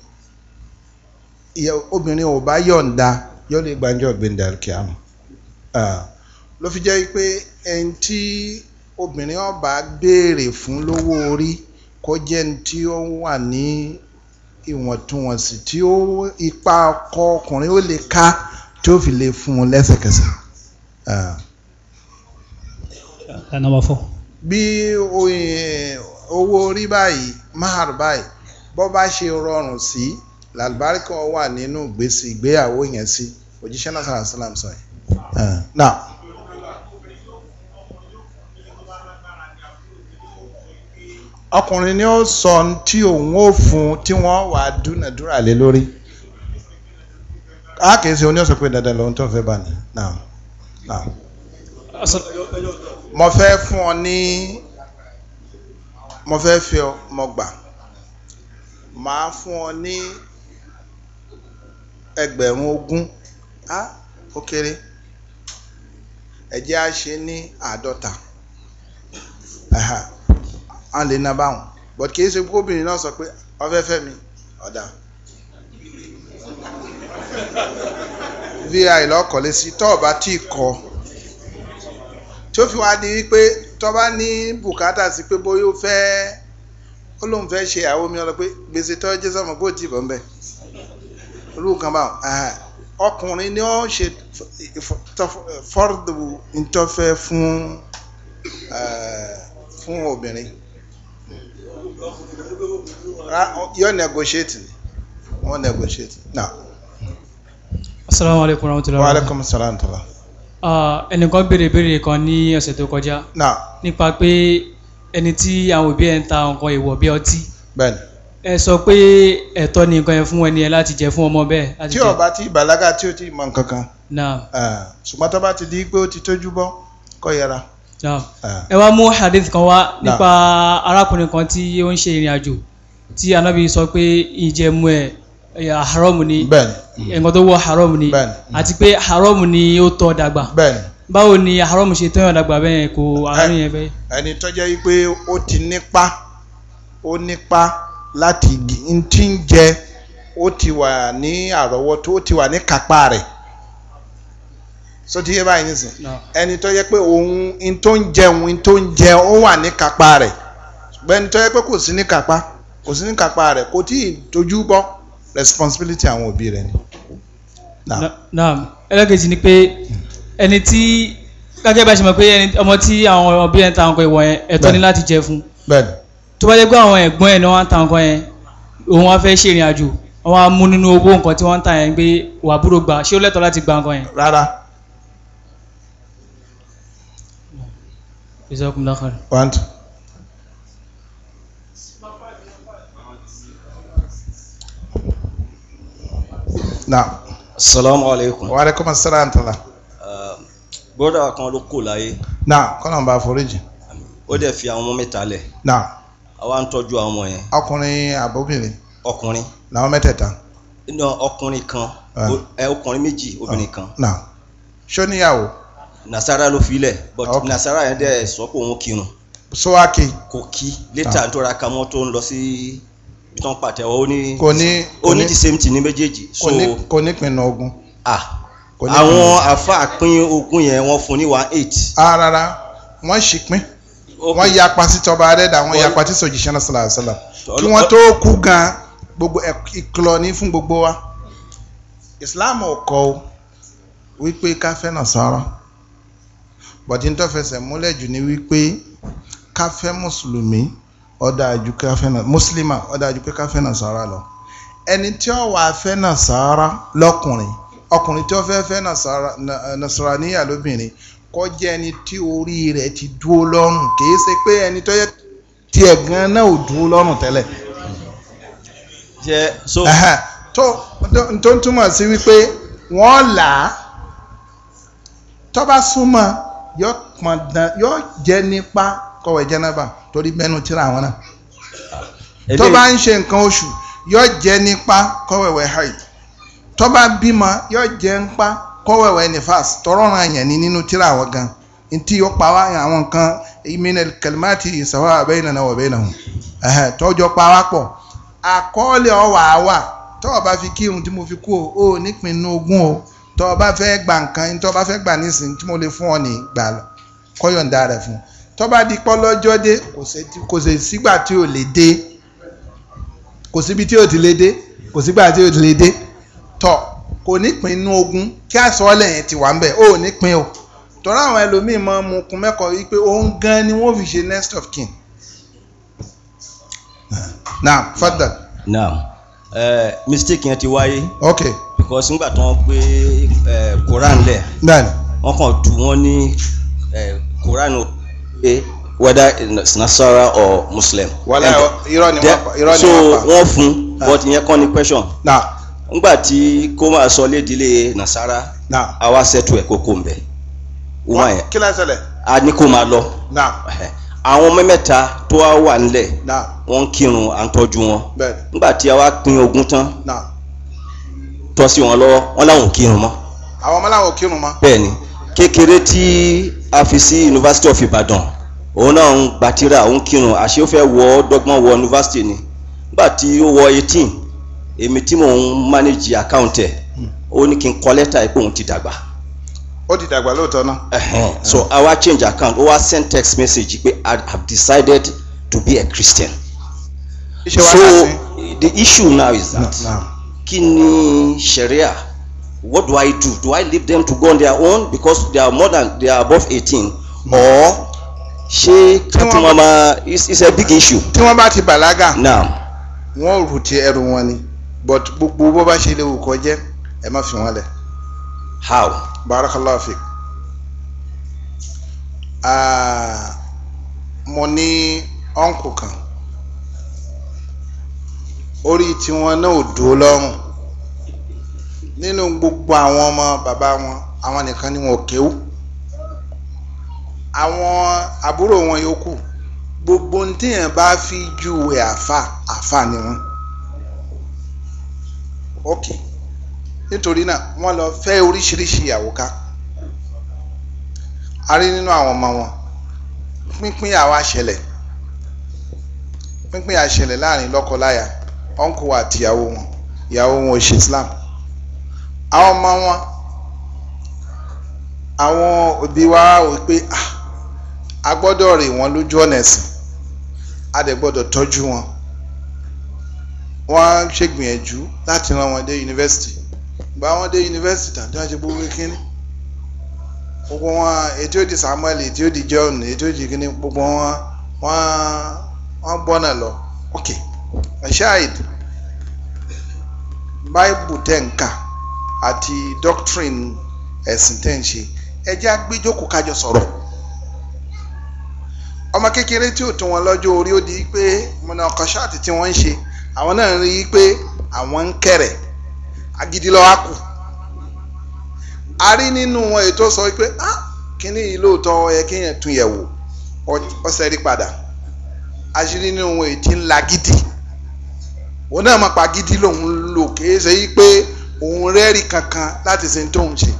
obìnrin ò bá yọ̀ǹda yóò lè gbàǹjọ́ gbẹ̀ǹdà kíámù ló fi jẹ́ pé ẹni tí obìnrin ó bá béèrè fún lówó orí kó jẹ́ ní tí ó wà ní ìwọ̀ntúnwọ̀nsì tí ó ipa ọkọ ọkùnrin ó lè ká tí ó fi lè fún un lẹ́sẹ̀kẹsẹ̀. bí owó orí báyìí mahar báyìí bó bá ṣe rọrùn sí làlùbáríkà wà nínú gbèsè ìgbéyàwó yẹn sí òjíṣẹ́ náà sàrà sàlám sọ yìí. now. ọkùnrin ni ó sọ tí òun ó fún tí wọ́n wà á dúnàdúrà lé lórí a kì í ṣe oní ọ̀sẹ̀ pé dandan lòun tó fẹ́ bá ní. mo fẹ́ fún ọ ní mo fẹ́ fẹ́ ọ mo gbà màá fún ọ ní ẹgbẹ̀rún ogún á ó kéré ẹ á ṣe ní àádọ́ta á lè ná báwọn but kì í ṣe kóbìnrin náà sọ pé ọ fẹ́ fẹ́ mi ọ̀dà vi lọ́kọ̀ọ́lẹ́sí tọ́ọ̀ bá tí ì kọ́ tó fi wá di wípé tó bá ní bùkátà sí pé bóyá ó fẹ́ ó lóun fẹ́ ṣe àwọn omi ọlọ pé gbèsè tó jẹ́ sọ́mọ bó ti bọ̀ olú kan bá ọkùnrin ni ó ṣe fọ́ọ̀dù ntọ́fẹ́ fún fún obìnrin yóò negotiate wọ́n negotiate now. asalaamu alaykum wa rahmatulah. wa aleykum salaam tala. ẹnìkan béèrè béèrè kan ní ọ̀sẹ̀ tó kọjá. náà nípa pé ẹni tí àwọn òbí ẹ̀ ń ta nǹkan ìwọ̀ bí ọtí. bẹ́ẹ̀ni. ẹ sọ pé ẹ̀tọ́ ni nǹkan yẹn fún ẹni yẹn láti jẹ fún ọmọ bẹ́ẹ̀. tí ó bá ti bàlágà tí ó ti mọ nǹkan kan. naam. ṣùgbọ́n tó bá ti di pé ó ti tójú bọ́ kó yẹra. naam. ẹ wá mú hadith kan wá nípa arákùnrin kan tí ó ń ṣe ìrìn àjò tí anábì sọ pé ìjẹmu ẹ ya haram ni nǹkan tó wọ haram ni àti pé haram ni ó tọ́ dàgbà. bẹ́ẹ̀ni báwo ni àrọ́mù ṣe tán ìdàgbà bẹ́ẹ̀ kò àárín yẹn bẹ́ẹ̀. ẹni tó jẹ́ pé ó ti nípa ó nípa láti ti ń jẹ ó ti wà ní àrọ́wọ́tó ó ti wà ní kápá rẹ̀ so ti yé báyìí nísìn ẹni tó yẹ pé òun in tó ń jẹ òun in tó ń jẹ ó wà ní kápá rẹ̀ ṣùgbọ́n ẹni tó yẹ pé kò sí ní kápá kò sí ní kápá rẹ̀ kò tí ì tójú bọ́ responsibility àwọn òbí rẹ̀ ni. ẹlẹ́gẹ̀ẹ́sì ni pé. Hmm ẹni tí gẹ́gẹ́ bá ṣe mọ̀ pé ọmọ tí àwọn ọbí ẹ̀ ń ta nǹkan ìwọ̀n yẹn ẹ̀tọ́ ni láti jẹ fún tó bá jẹ́ pé àwọn ẹ̀gbọ́n ẹ̀ ni wọ́n ń ta nǹkan yẹn òun wá fẹ́ ṣèrìn àjò wọ́n á mú nínú owó nǹkan tí wọ́n ń ta yẹn pé wà búrò gbà ṣé ó lẹ́tọ̀ọ́ láti gba nǹkan yẹn. rárá. one two. Naam. Wa alaikum bọ́dà kan ló kò láyé. náà kọ́nà bá foríjì. ó dẹ̀ fi àwọn ọmọ mẹ́ta lẹ̀. náà. àwa ń tọ́jú àwọn ọmọ yẹn. ọkùnrin àbóbìnrin. ọkùnrin. làwọn mẹ́tẹ̀ẹ̀ta. iná ọkùnrin kan ẹ ọkùnrin méjì obìnrin kan. náà ṣó níyàwó. nasara ló filẹ̀ but nasara yẹn dẹ̀ sọ pé òun kírun. sowaki. kò kí létà ń tóra kamọ́ tó ń lọ sí bitọ́n pàtẹ́wọ́ ó ní. kò ní. ó ní the ní kò ní pinnu ogun. ah àwọn àfa pín ogún yẹn wọ́n fún ní one eight. arara ah, wọ́n sì pín wọ́n yapa sí tọba adẹ́dà wọ́n yapa sí sọ̀jìṣẹ́ náà sọ̀lá sọ̀lá kí wọ́n tó kú gan gbogbo ìkìlọ̀ ní fún gbogbo wa islam ò kọ́ o wípé ká fẹ́ Nasara bọ̀dí ń tọ́fẹsẹ̀ múlẹ̀ jù ní wípé ká mùsùlùmí ọ̀dà àjù ká fẹ́ mùsùlùmá ọ̀dà àjù pé ká fẹ́ Nasara lọ ẹni tí ó wà fẹ́ Nasara lọ́kùnrin ọkùnrin tí ó fẹ́ fẹ́ nasaraniya eh, lóbìnrin kó jẹ́ ẹni tí orí rẹ̀ ti dúó lọ́rùn kìí ṣe pé ẹni tó yẹ tiẹ̀ gan náà ò dúó lọ́rùn tẹ́lẹ̀. tó ń túmọ̀ sí wípé wọ́n là á tó bá súnmọ́ yóò jẹ́ nípa kọ̀wé jẹ́nàbà torí mẹ́nu tíra àwọn náà tó bá ń ṣe nǹkan oṣù yóò jẹ́ nípa kọ̀wé wẹ̀ haid tọ́ba bímọ yóò jẹ́ ń pa kọ́wẹ̀wẹ̀ fas tọ́rọ̀ràn àyàn ní nínú tíra àwọn gan ntí yóò pa wá àwọn nǹkan ìmìnà kẹlẹ́mátì ìsàwọ́ àbẹ́yìnà náà wọ̀bẹ́yìnà hù tọ́jọ́ pa wá pọ̀ àkọọ́lẹ̀ ọ̀wà wà tọ́wọ́ bá fi kírun tí mo fi kú o ò nípinnu ogún o tọ́wọ́ bá fẹ́ gba nǹkan ní tọ́wọ́ bá fẹ́ gbà nísìnyí tí mo lè fún ọ ní gbà lọ kọ́yọ̀ǹda rẹ̀ fún tọ́ba di pọ́lọ́jọ́ dé kò sì sígbà tí ò lè dé kò síbi tí ò ti lè dé kò sígbà tí ò ti lè dé tọ̀ kò ní pín inú ogun kí àsọ̀ọ́lẹ̀ yẹn ti wà ń bẹ̀ ó ní pín o tọ́lá àwọn ẹlòmíín máa ń mu kun mẹ́kọ̀ọ́ wípé òun gan ni wọ́n fi ṣe next of kin. now further. now uh, mistake yẹn ti wáyé. ok because nígbà tí wọ́n gbé Koran lẹ̀. bẹ́ẹ̀ni. wọ́n kàn tú wọ́n ní Quran pé whether it's Nasara or Muslim. wàlá irọ́ ni wọ́n pa. so wọ́n fún but ìyẹn kọ́ ni question. now ngbà tí kó máa sọ lédìlé nasara àwa sẹ́tù ẹ̀ kókó ń bẹ̀ wọ́n yẹn kí ló ṣẹlẹ̀ a ní kó máa lọ àwọn ọmọ mẹ́ta tó wá wà nílẹ̀ wọ́n ń kírun à ń tọ́jú wọn nígbà tí a wá pín ogún tán tọ́ sí wọn lọ́wọ́ wọn làwọn ò kírun mọ́. àwọn ọmọ làwọn kírun mọ́. bẹ́ẹ̀ni kékeré tí a fi sí University of Ibadan òun náà ń gbàtírà òun kírun àṣé ó fẹ́ wọ dọ́gbọ́n wọ university ni nígbà tí ó wọ eighteen èmi tí mò ń manage account ẹ̀ hmm. ó ní kí n kọ lẹ́tà ẹ̀ pé òun ti dàgbà. ó ti dàgbà lóòótọ́ náà. Ah. so i wa change account I wá send text message pé i have decided to be a christian. so the issue now is that kí ni sharia what do i do do i leave them to go on their own because they are more than they are above eighteen hmm. or ṣé kátó mama it's a big issue. tí wọ́n bá ti bàlágà. now wọ́n rù ti ẹrù wọn ni but gbogbo bó bá ṣe lè wù kó jẹ́ ẹ má fi wọ́n lẹ̀. how. barakallahu fik. mo ní ọ̀nkù kan orí tiwọn náà ò dúró lọ́rùn nínú gbogbo àwọn ọmọ bàbá wọn àwọn nìkan ni wọn ò àwọn àbúrò wọn yòókù gbogbo ní bá fi júwe àáfà àáfà ni wọn ok nítorí náà wọ́n lọ fẹ́ oríṣiríṣi ìyàwó ká a rí nínú àwọn ọmọ wọn pínpín àwa ṣẹlẹ̀ pínpín àṣẹlẹ̀ láàrin lọ́kọláya ọ̀nkù àti ìyàwó wọn ìyàwó wọn ò ṣe Islam àwọn ọmọ wọn àwọn òbí wa wò pé ah, a gbọ́dọ̀ rè wọ́n lójú ọ̀nà ẹ̀sìn a dẹ̀ gbọ́dọ̀ tọ́jú wọn wọ́n á ṣègbìyànjú láti rán wọn dé yunifásitì gba wọn dé yunifásitì tàbí wọ́n ṣe gbogbo kínní gbogbo wọn ètí ó di Samuel ètí ó di John ètí ó di kínní gbogbo wọn wọn wọn gbọ́nà lọ ok aside Bible tẹ̀ǹkà àti doctrine ẹ̀sìn tẹ̀ǹṣe ẹ jẹ́ agbẹjọ́kọ̀ kájọ sọ̀rọ̀ ọmọ kékeré tí ò tó wọn lọ́jọ́ orí ó di pé mọ̀nà ọ̀kọ́ṣáàtì tí wọ́n ń ṣe àwọn náà rí i pé àwọn ń agidi agídí lọ́wọ́ a rí nínú wọn ètò sọ pé ah kíní yìí lóòótọ́ yẹ kéèyàn tún yẹ̀wò wò rí padà a sì rí nínú wọn ètò ńlá gidi òun náà máa pa gidi lòun lò kìí ṣe yí pé òun kankan láti ṣe tóun ṣe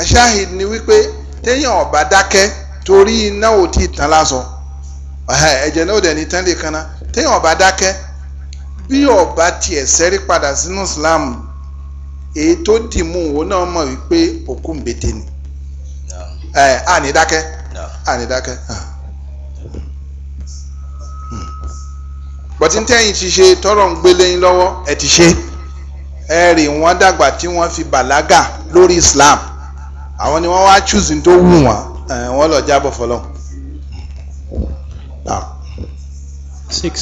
aṣáhìn ni wípé téèyàn ọba dákẹ́ torí iná ò tí ì tán lásọ ẹ̀jẹ̀ náà ò dẹ̀ ní tán lè kanna téèyàn dákẹ́ bí ọba tiẹ̀ sẹ́rí padà sínú Islam èyí tó dì mú òun náà mọ̀ wípé òkú ń bete ni àní dákẹ́ àní dákẹ́. Ah. Hmm. bọ̀tí tẹ́yìn ti ṣe tọrọ ń gbélé yín lọ́wọ́ ẹ ti ṣe ẹ rí wọn dàgbà tí wọ́n fi bàlágà lórí Islam àwọn ni wọ́n wá choosing tó wù wọ́n wọ́n lọ jábọ̀ fọlọ́. Hmm. six.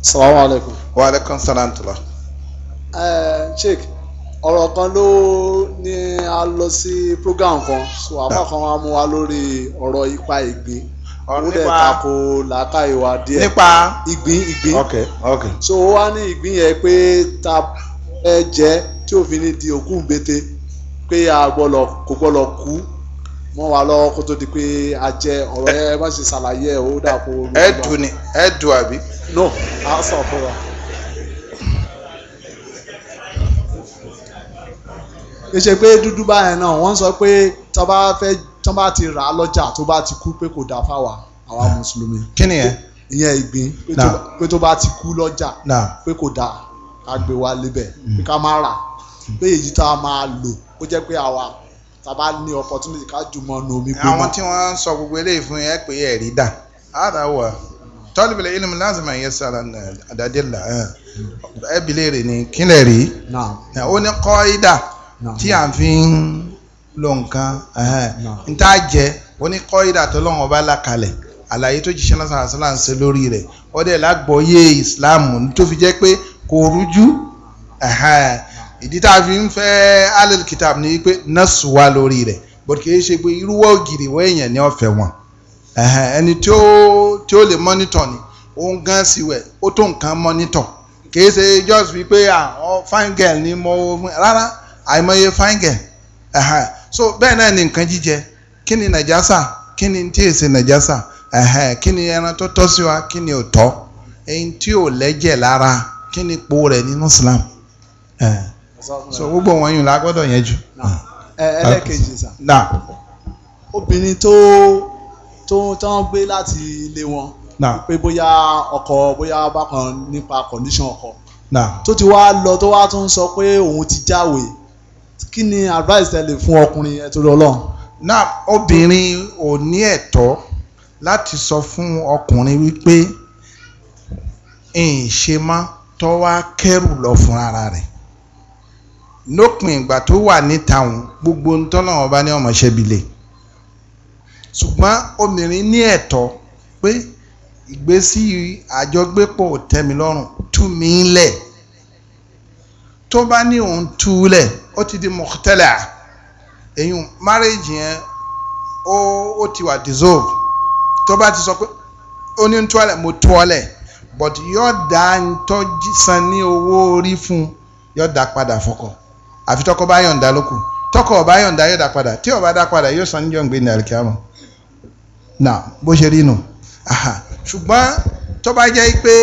salamu alaykum. wa aleykum salaam tula. ẹ sheik ọ̀rọ̀ kan ló ní a lọ sí program kan so àbá kan wá mú wa lórí ọ̀rọ̀ ipa ìgbín ó dẹ̀ tako làákà ìwà díẹ̀ nípa ìgbín ìgbín ok ok so ó wá ní ìgbín yẹn pé ta ẹ jẹ tí òfin ní di òkú gbété pé a gbọ́dọ̀ kò gbọ́dọ̀ kú mọ́ wa lọ́wọ́ kó tó di pé a jẹ ọ̀rọ̀ yẹn má ṣe ṣàlàyé ẹ̀ ó dà kó. ẹ dùn ni ẹ dùn àbí. No, outside, brother. kì í ṣe pé dúdú báyẹn náà wọ́n sọ pé tó bá fẹ́ tó bá ti rà á lọ́jà tó bá ti kú pé kò dáa fáwa àwa mùsùlùmí. kí ni yẹn. ìyẹn ìgbín pé tó bá ti kú lọ́jà pé kò dáa ká gbé wa lébẹ̀ mm. pé ká má rà pé èyí tá a máa lò ó jẹ́ pé àwa tá a bá ní opportunity ká jùmọ̀ nu omi gbé. àwọn tí wọ́n sọ gbogbo eléyìí fún yẹn pé ẹ̀rí dà á dà wọ̀ tọ́lùbì lè ilmu lásìmọ̀ yẹ sára àdàdìlà ẹbí léèrè ni kílẹ̀ rí ó ní kọ́ ìdà tí a fi ń lo nǹkan n tá jẹ ó ní kọ́ ìdà tó lọ́wọ́ bá la kalẹ̀ àlàyé tó jíṣẹ́ lọ́sàn àṣàlà ń ṣe lórí rẹ̀ ó dẹ̀ lágbọ́yé ìsìláàmù tó fi jẹ́ pé kò rújú ìdí tá a fi ń fẹ́ alil kitab ni pé nọ́ọ̀sì wà lórí rẹ̀ bọ̀dù kì í ṣe pé irúwọ́ ògiri wọ́n èèyàn ní ọ̀fẹ́ wọn. ẹni tí ó tí ó lè mọ́nítọ̀ ni o gan sí wẹ̀ ó tó nǹkan mọ́nítọ̀ kìí ṣe just wípé àwọn fine girl ni mo rárá àìmọye fine girl so bẹ́ẹ̀ náà ni nǹkan jíjẹ kí ni nàjásà kí ni tí èsì nàjásà kí ni ẹran tó tọ́ sí wa kí ni ò tọ́ ẹni tí ò lẹ́jẹ̀ lára kí ni po rẹ̀ nínú Islam so gbogbo wọn yìí la gbọ́dọ̀ yẹn jù. ẹlẹ́kejì sà obìnrin tó. tó tán gbé láti ilé wọn pé bóyá ọkọ bóyá bákan nípa condition ọkọ tó ti wá lọ tó wá tún sọ pé òun ti jáwèé kí ni advice tẹ̀lé fún ọkùnrin ẹ̀ torí Ọlọ́run. náà obìnrin ò ní ẹ̀tọ́ láti sọ fún ọkùnrin wípé ìṣemọ́ tó wá kẹ́rù lọ fún ara rẹ̀ lópin ìgbà tó wà níta òun gbogbo ń tọ́nà ọba ní ọmọ ṣẹ́bi lè ṣùgbọ́n obìnrin ní ẹ̀tọ́ pé ìgbésí àjọgbépọ̀ tẹ́milọ́rùn tú mi lẹ̀ tó bá ní òun tú lẹ̀ ó ti di mọ̀tẹ́lẹ̀ ẹ̀yìn márẹ́jì yẹn ó ó ti wà dissolve tó bá ti sọ pé ó ní tú ọ̀lẹ̀ mo tú ọ̀lẹ̀ but yóò dá ntọ́jú san ní owó orí fún yóò dá padà fọkọ àfi tọkọ bá yọ̀ǹda lókù tọkọ ọba yọ̀ǹda yóò dá padà tí ọba dá padà yóò san níjọ́ ń gbé ní àríkíámọ̀ na bó ṣe rí nù ṣùgbọ́n tó bá jẹ́ pé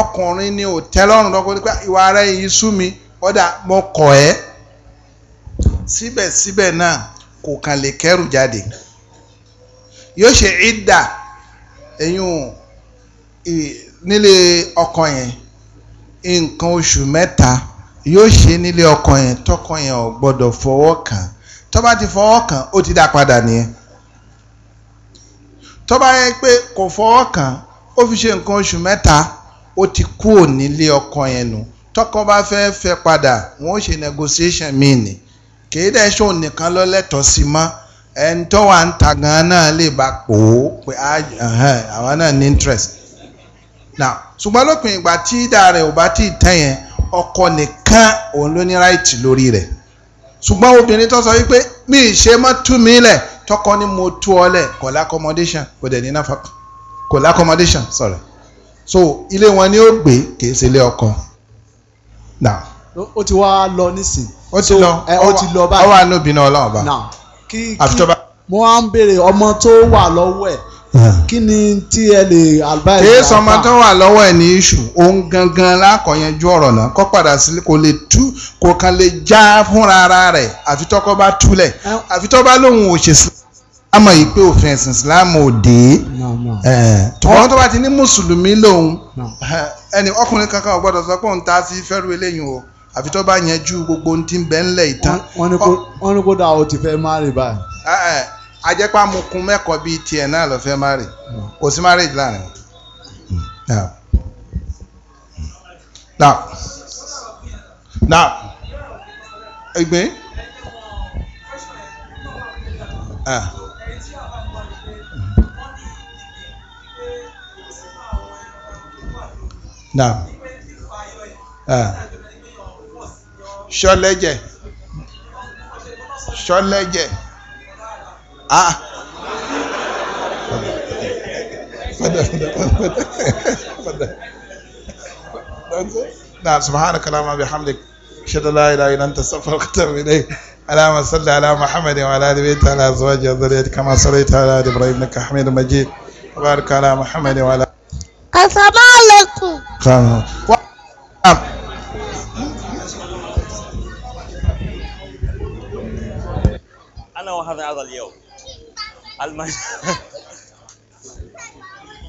ọkùnrin ni ò tẹ́lọ́rùn lọ́kọ́ nípa ìwà ara yìí sú mi ọ̀dà mo kọ̀ ẹ́ síbẹ̀síbẹ̀ náà kò kàn lè kẹ́rù jáde yóò ṣe ìdà ẹ̀yìn nílé ọkọ yẹn nǹkan oṣù mẹ́ta yóò ṣe nílé ọkọ yẹn tọkọ yẹn ò gbọ́dọ̀ fọwọ́ kàn tó bá ti fọwọ́ kàn ó ti dá padà nìyẹn tó bá yẹ pé kò fọwọ́ kàn ó fi ṣe nǹkan oṣù mẹ́ta ó ti kú nílé ọkọ yẹn nù tọkọ bá fẹ́ fẹ́ padà wọn ó ṣe negotiation míì ni kìí dẹ́ ṣó nìkan ló sí mọ́ ẹni tó wà ń ta gan-an náà lè bá pò ó pé àwọn náà ní interest now ṣùgbọ́n lópin ìgbà tí ìdá rẹ̀ ò bá tí ì tẹ̀ yẹn ọkọ nìkan òun ló ní ráìtì lórí rẹ̀ ṣùgbọ́n obìnrin tó sọ wípé mi ì ṣe mọ́ tú mi lẹ̀ tọkọ ni mo tú ọ lẹ̀ kò l'accommodation kò dẹ̀ ní náfàkà kò l'accommodation sorry so ilé wọn ni ó gbé kì í ṣe ilé ọkọ náà. ó ti wá lọ nísìn. ó ti lọ ó ti lọ báyìí. ọwọ́ àánú bínú ọlọ́run bá. náà kí kí mo á ń béèrè ọmọ tó wà lọ́wọ́ ẹ̀ Ah. kí ni tí ẹ lè advice. èyí sọmọ tó wà lọ́wọ́ ẹ̀ ní iṣu òun gangan lákọ̀yanjú ọ̀rọ̀ náà kọ́ padà sí kò lè tú kò kan lè já fúnra ara rẹ̀ àfi tọ́kọ́ bá túlẹ̀ àfi tọ́ bá lóun ò ṣe sí àmọ́ yìí pé òfin ẹ̀sìn islam ò dé tọ́wọ́n tó bá ti ní mùsùlùmí lòun ẹni ọkùnrin kankan ò gbọ́dọ̀ sọ pé òun ta sí fẹ́rù eléyìí o àfi tó bá yanjú gbogbo ohun tí ń bẹ ńlẹ̀ ajẹ́pá amukun mẹ́kọ̀ọ́ bíi tiẹ̀ náà lọ fẹ́ marry kò sí marriage láàrin wọn. now now ẹgbẹ́ now sọlẹ́jẹ̀ ah. ah. sọlẹ́jẹ̀. Ah. *laughs* نعم سبحانك اللهم وبحمدك اشهد لا اله الا انت استغفرك واتوب اليك اللهم صل على محمد وعلى ال بيته وعلى ازواجه وذريته كما صليت على ال ابراهيم انك حميد مجيد وبارك على محمد وعلى السلام عليكم انا وهذا هذا اليوم all meine *laughs*